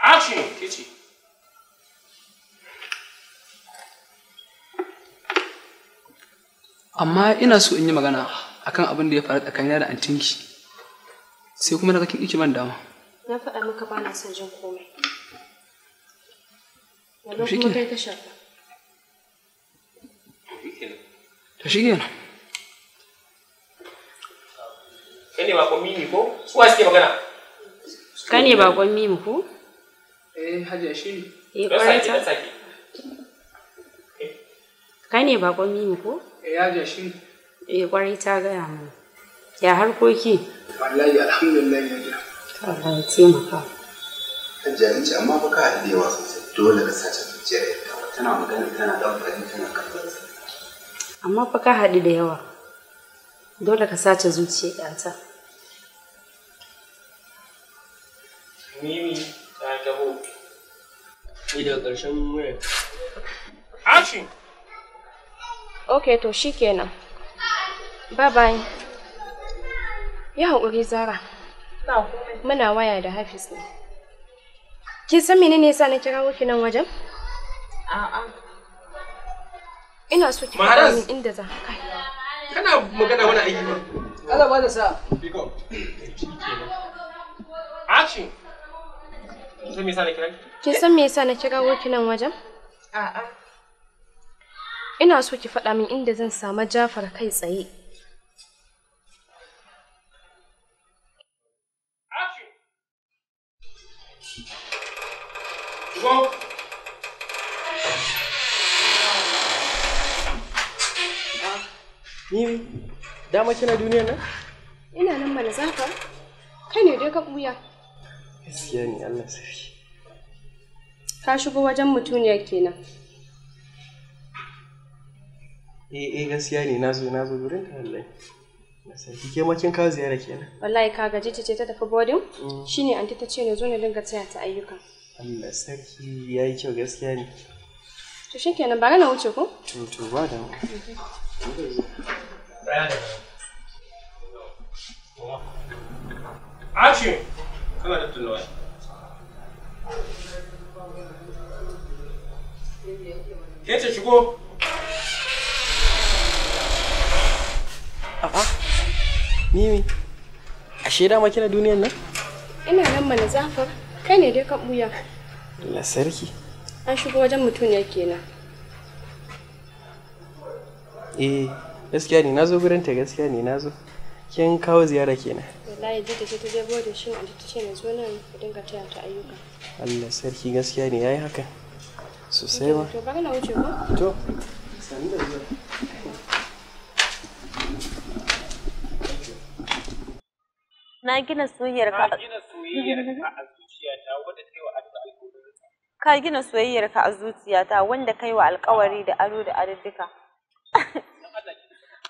F: Action, Kitty.
I: Amma ina so in yi magana akan abin da ya faru tsakanina da antinki. Sai kuma na kin ɗiki ban dama.
K: Na faɗa maka ba na son jin komai.
E: Wannan kuma kai ka shafa.
I: Ta shi kenan.
H: Kai ne ba ko mini ko? Suwa suke magana?
C: kani ne bakon mimu ko
I: eh hajiya shi ne eh kwarai ta
C: ka ne bakon mimu ko eh hajiya shi ne eh kwarai ta gaya mana ya harkoki
I: wallahi alhamdulillah hajiya
C: Allah ya taimaka
I: hajiya ni ce amma fa ka haɗe yawa sosai dole ka sace zuciyar yadda tana magana tana ɗaukar tana karɓar
C: amma fa ka haɗu da yawa dole ka sace zuciyar
F: ta mimi ta taho ni daga ƙarshen waya action
K: ok to shi kenan bye ya haƙuri zara muna waya da hafiz ne kin san menene yasa na kira ki nan wajen a'a ina so ki faɗa min inda za ka
I: kana magana wani aiki ba
K: Allah ba da sa
A: action Kin san
E: me yasa na kira
K: Kin me yasa na kira nan wajen? A'a. Ina so ki faɗa min inda zan samu Jafar kai tsaye.
A: Whoa! Ah, ni dama kina duniya nan?
K: Ina nan mana zafa. Kai ne dai ka buya.
A: gaskiya ne Allah sarki
K: ka shigo wajen mutuniya kenan
A: eh eh gaskiya ne na zo gurin ta wallahi sarki ke ma ka ziyara kenan
K: wallahi ka gaji ce ta tafi boarding mm. shine anti ta ce ne zo ne dinga tsaya ta ayyuka
A: Allah sarki yayi kyau gaskiya ne
K: to shikenan bari na wuce ko
A: to
F: to ba da mu
I: Action! Come on, to Ke ce shigo?
F: A'a, Mimi,
A: ashe dama kina duniyan nan?
K: Ina nan mana zafar, kai ne dai ka ɓuya.
A: Allah sarki.
K: An shigo wajen mutum ya kenan.
A: Eh, gaskiya ne, na zo gurin ta gaskiya ne, na zo. Kin kawo ziyara kenan.
K: wallahi jita ce ta je shi a ta ce na dinga taya ta ayyuka
A: Allah sarki gaskiya ne yayi haka sosai ba
F: na gina soyayyar
B: ka gina soyayyar a zuciyata wanda kai wa alkawari da ado da adadduka.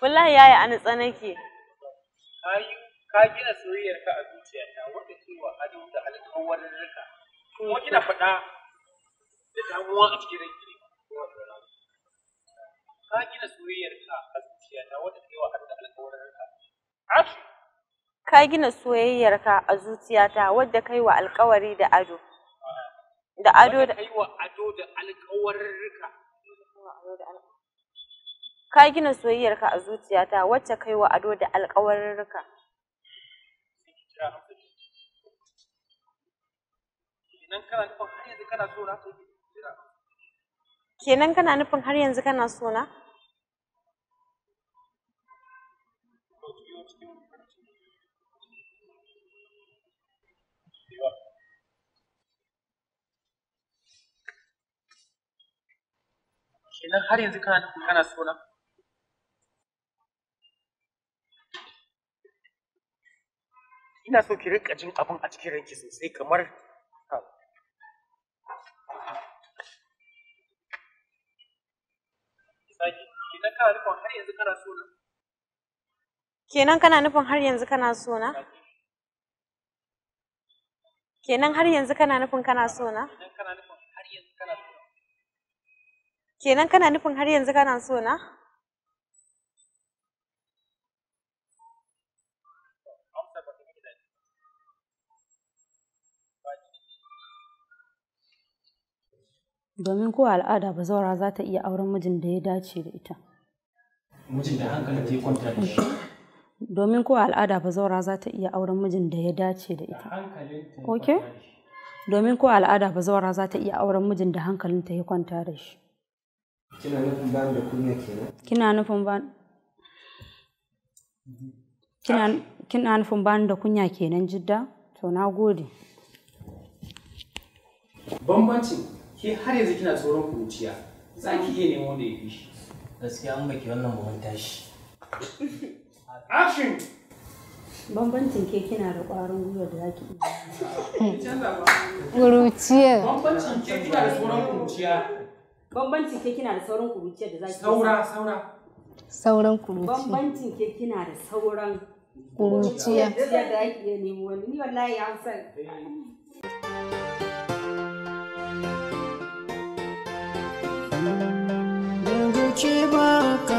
B: wallahi yaya an tsanake
F: ka gina soyayyarka a zuciyarta wanda ke wa ado da alƙawarin rika kuma kina faɗa da damuwa a cikin ranki ka gina soyayyarka a zuciyarta wanda ke wa ado da alƙawarin rika ashi
B: ka gina soyayyarka a zuciyata wadda kai wa alƙawari da ado
F: da ado da kai wa ado da alƙawarin rika
B: ka gina soyayyarka a zuciyata wacce kai wa ado da alƙawarin rika kenan kana nufin har yanzu kana so na
F: kenan kana nufin har yanzu kana so na kenan har yanzu kana nufin kana so na ina so ki rika jin abin a cikin ranki sosai kamar
B: Kenan kana nufin har yanzu kana so na kenan kana nufin har yanzu kana so na kenan har yanzu kana nufin kana so na kenan kana nufin har yanzu kana so na
C: Domin ko al'ada ba zaura za ta iya auren mijin da ya dace da ita.
F: Mijin da hankalin ta yi kwanta da shi.
C: Domin ko al'ada ba zaura za ta iya auren mijin da ya dace da ita. Ok? Domin ko al'ada ba zaura za ta iya auren mijin da hankalin ta ya kwanta da shi.
H: Kina nufin ba da
F: kunya kenan?
C: Kina nufin ba kina nufin ba da kunya kenan jidda to na gode
I: bambanci ke har yanzu kina tsoron kuruciya za ki iya neman wanda ya fi shi
H: gaskiya an baki wannan ban tashi
C: action bambancin ke kina da ƙwarin gwiwa da zaki kuruciya bambancin ke kina da tsoron kuruciya bambancin ke kina da sauran kuruciya da zaki saura saura
D: sauran kuruciya
C: bambancin ke kina da sauran
D: kuruciya
C: da zaki iya neman wani ni wallahi an san
E: ночи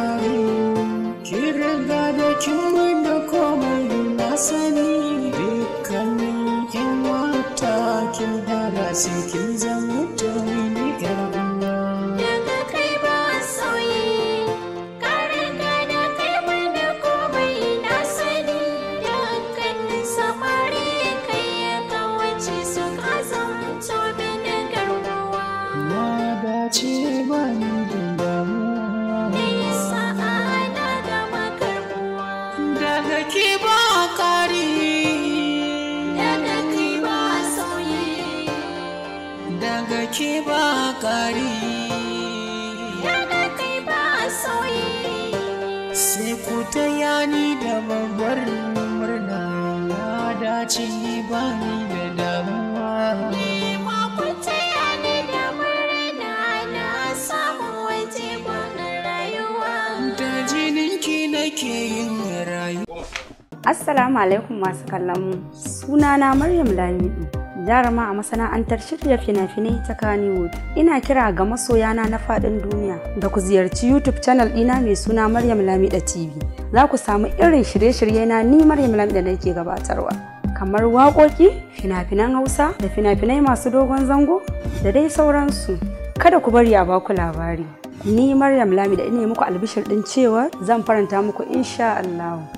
E: Assalamu alaikum masu kallon mu.
C: Sunana Maryam Lamidu, jaruma a masana'antar shirya fina-finai ta Kannywood. Ina kira ga masoyana na faɗin duniya da ku ziyarci YouTube channel ɗina mai suna Maryam Lamida TV. Za ku samu irin shirye-shirye na ni Maryam Lamida nake gabatarwa. Kamar waƙoƙi, fina-finan Hausa da fina-finai masu dogon zango da dai sauransu. Kada ku bari a baku labari. Ni Maryam Lamida ina muku albishir ɗin cewa zan faranta muku insha Allah.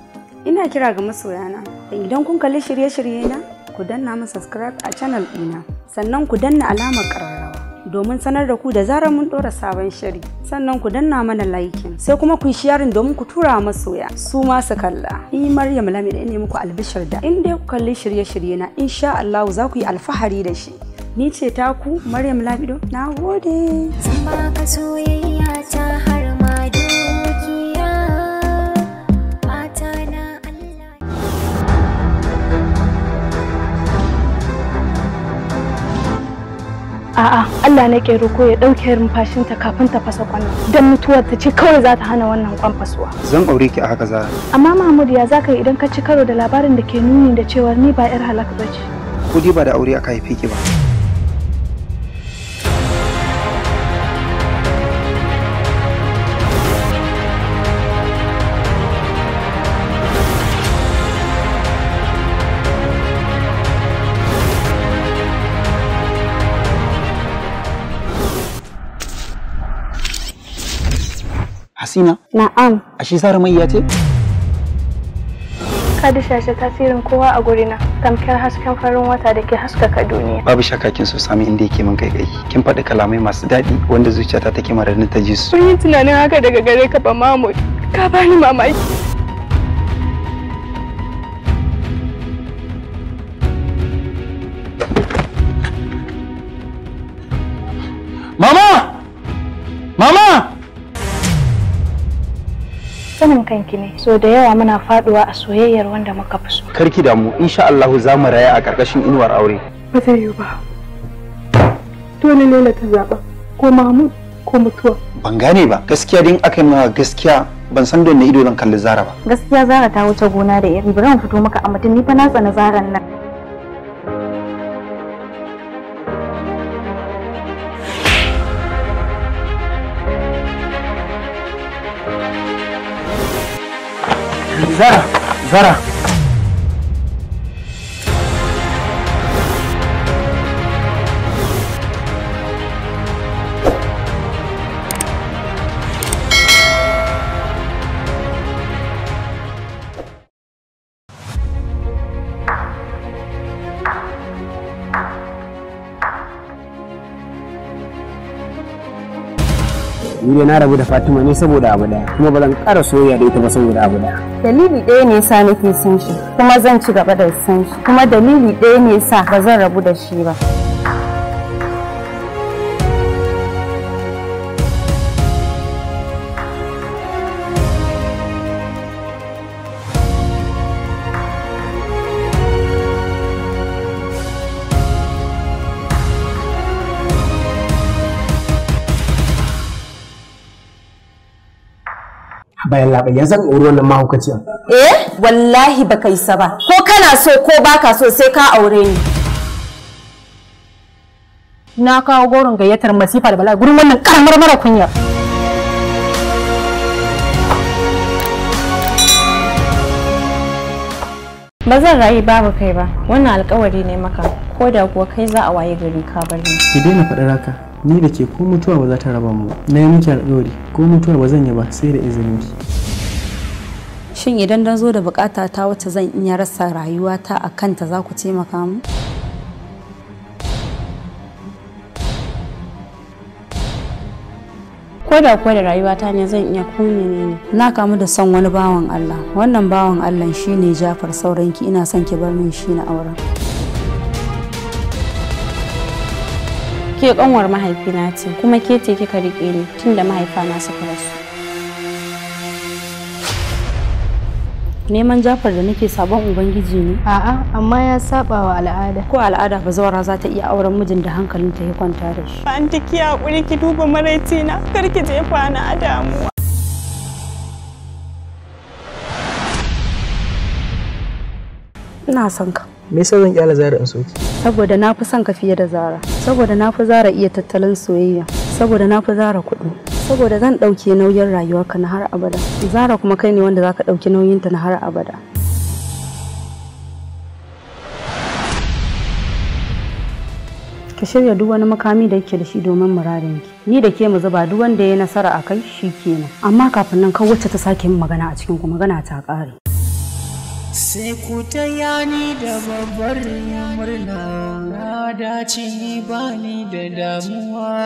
C: Ina kira ga masoyana da idan kun kalli shirye-shirye na ku danna min subscribe a channel ɗina sannan ku danna alamar
D: ƙararrawa
C: domin sanar da ku da zarar mun ɗora sabon shiri sannan ku danna mana like sai kuma ku sharin domin ku tura masoya su ma su kalla ni Maryam Lamid ne muku albishir da in dai ku kalli shirye-shirye na insha Allah za ku yi alfahari da shi ni ce
J: taku Maryam Lamido na gode soyayya ta har
K: A'a, Allah na ke ko ya ɗauke rumfashinta kafin ta fasa kwana. Don mutuwar ta ce kawai za ta hana wannan kwan fasuwa.
H: Zan aure ki a haka za.
K: Amma Mahmud ya za ka yi idan ka ci karo da labarin
C: da ke nuni da cewa ni ba 'yar halak ba
H: ce. ba da aure aka haife ki ba. Hasina? Na'am. Ashe Sara Mayya ce?
K: Ka dishashe tasirin kowa a gurina, tamkar hasken farin wata da ke haskaka duniya.
H: Babu shakka kin so sami inda yake min kaikai. Kin faɗi kalamai masu daɗi wanda zuciyata take mararin ta ji su. Kun yi tunanin haka daga
D: gare ka ba Mahmud. Ka bani mamaki.
K: sanin kanki ne so da yawa muna faduwa a soyayyar wanda muka fi so
H: karki damu insha Allah za mu raya a karkashin inuwar aure
K: ba zai yiwu ba dole ne ta zaba ko mamu ko mutuwa
H: ban gane ba gaskiya din aka yi gaskiya ban san don ido zan kalli Zara ba
C: gaskiya Zara ta wuce gona da iri bari fito maka a mutum ni fa na tsana Zaran nan
F: Sara.
H: gobe na rabu da Fatima ne saboda abu daya kuma ba zan ƙara soyayya da ita ba saboda abu daya.
C: Dalili ɗaya ne sa nake son shi kuma zan ci gaba da son shi kuma dalili ɗaya ne sa ba zan rabu da shi ba.
H: bayan labai ya zan auri wannan mahaukaciyar
C: eh wallahi baka isa ba ko kana so ko baka so sai ka aure ni na kawo goron gayyatar masifa da bala gurin wannan karamar mara kunya
B: ba zan rayu babu kai ba wannan alkawari ne maka ko da kuwa kai za a waye gari ka bar ni
A: ki daina faɗar haka ni da ke ko mutuwa ba za ta raba mu na yi miki alkawari ko mutuwa ba zan yi ba sai da izinin
C: shin idan dan zo da bukata ta wacce zan iya rasa rayuwata a kanta za ku taimaka mu ko da kuwa da rayuwata ne zan iya kome ne ne na kamu da son wani bawan Allah wannan bawan Allah shine Jafar sauranki ina son ki bar min shi na auren ke kanwar mahaifina ce kuma ke ce kika rike ni tunda mahaifa na suka rasu neman jafar da nake sabon ubangiji ne a'a amma ya saba wa al'ada ko al'ada ba zawara za ta iya auren mijin da hankalinta ya kwanta da shi
B: an ta kiya kuri ki duba maraici na kar ki je kwana damuwa
C: ina son ka
A: me yasa zan kyala zara in soki
C: saboda na fi son ka fiye da zara saboda na fi zara iya tattalin soyayya saboda na fi zara kuɗi saboda zan ɗauke nauyin rayuwarka na har abada zara kuma kai ne wanda za ka ɗauki nauyinta na har abada Ka shirya duk wani makami da yake da shi domin ki ni da ke mu zuba duk wanda ya yi nasara a kai shi kenan amma kafin nan kan wacce ta sake min magana a cikin ku magana ta ƙare
E: sai ku ta yani da babbar murna na dace ba ni da damuwa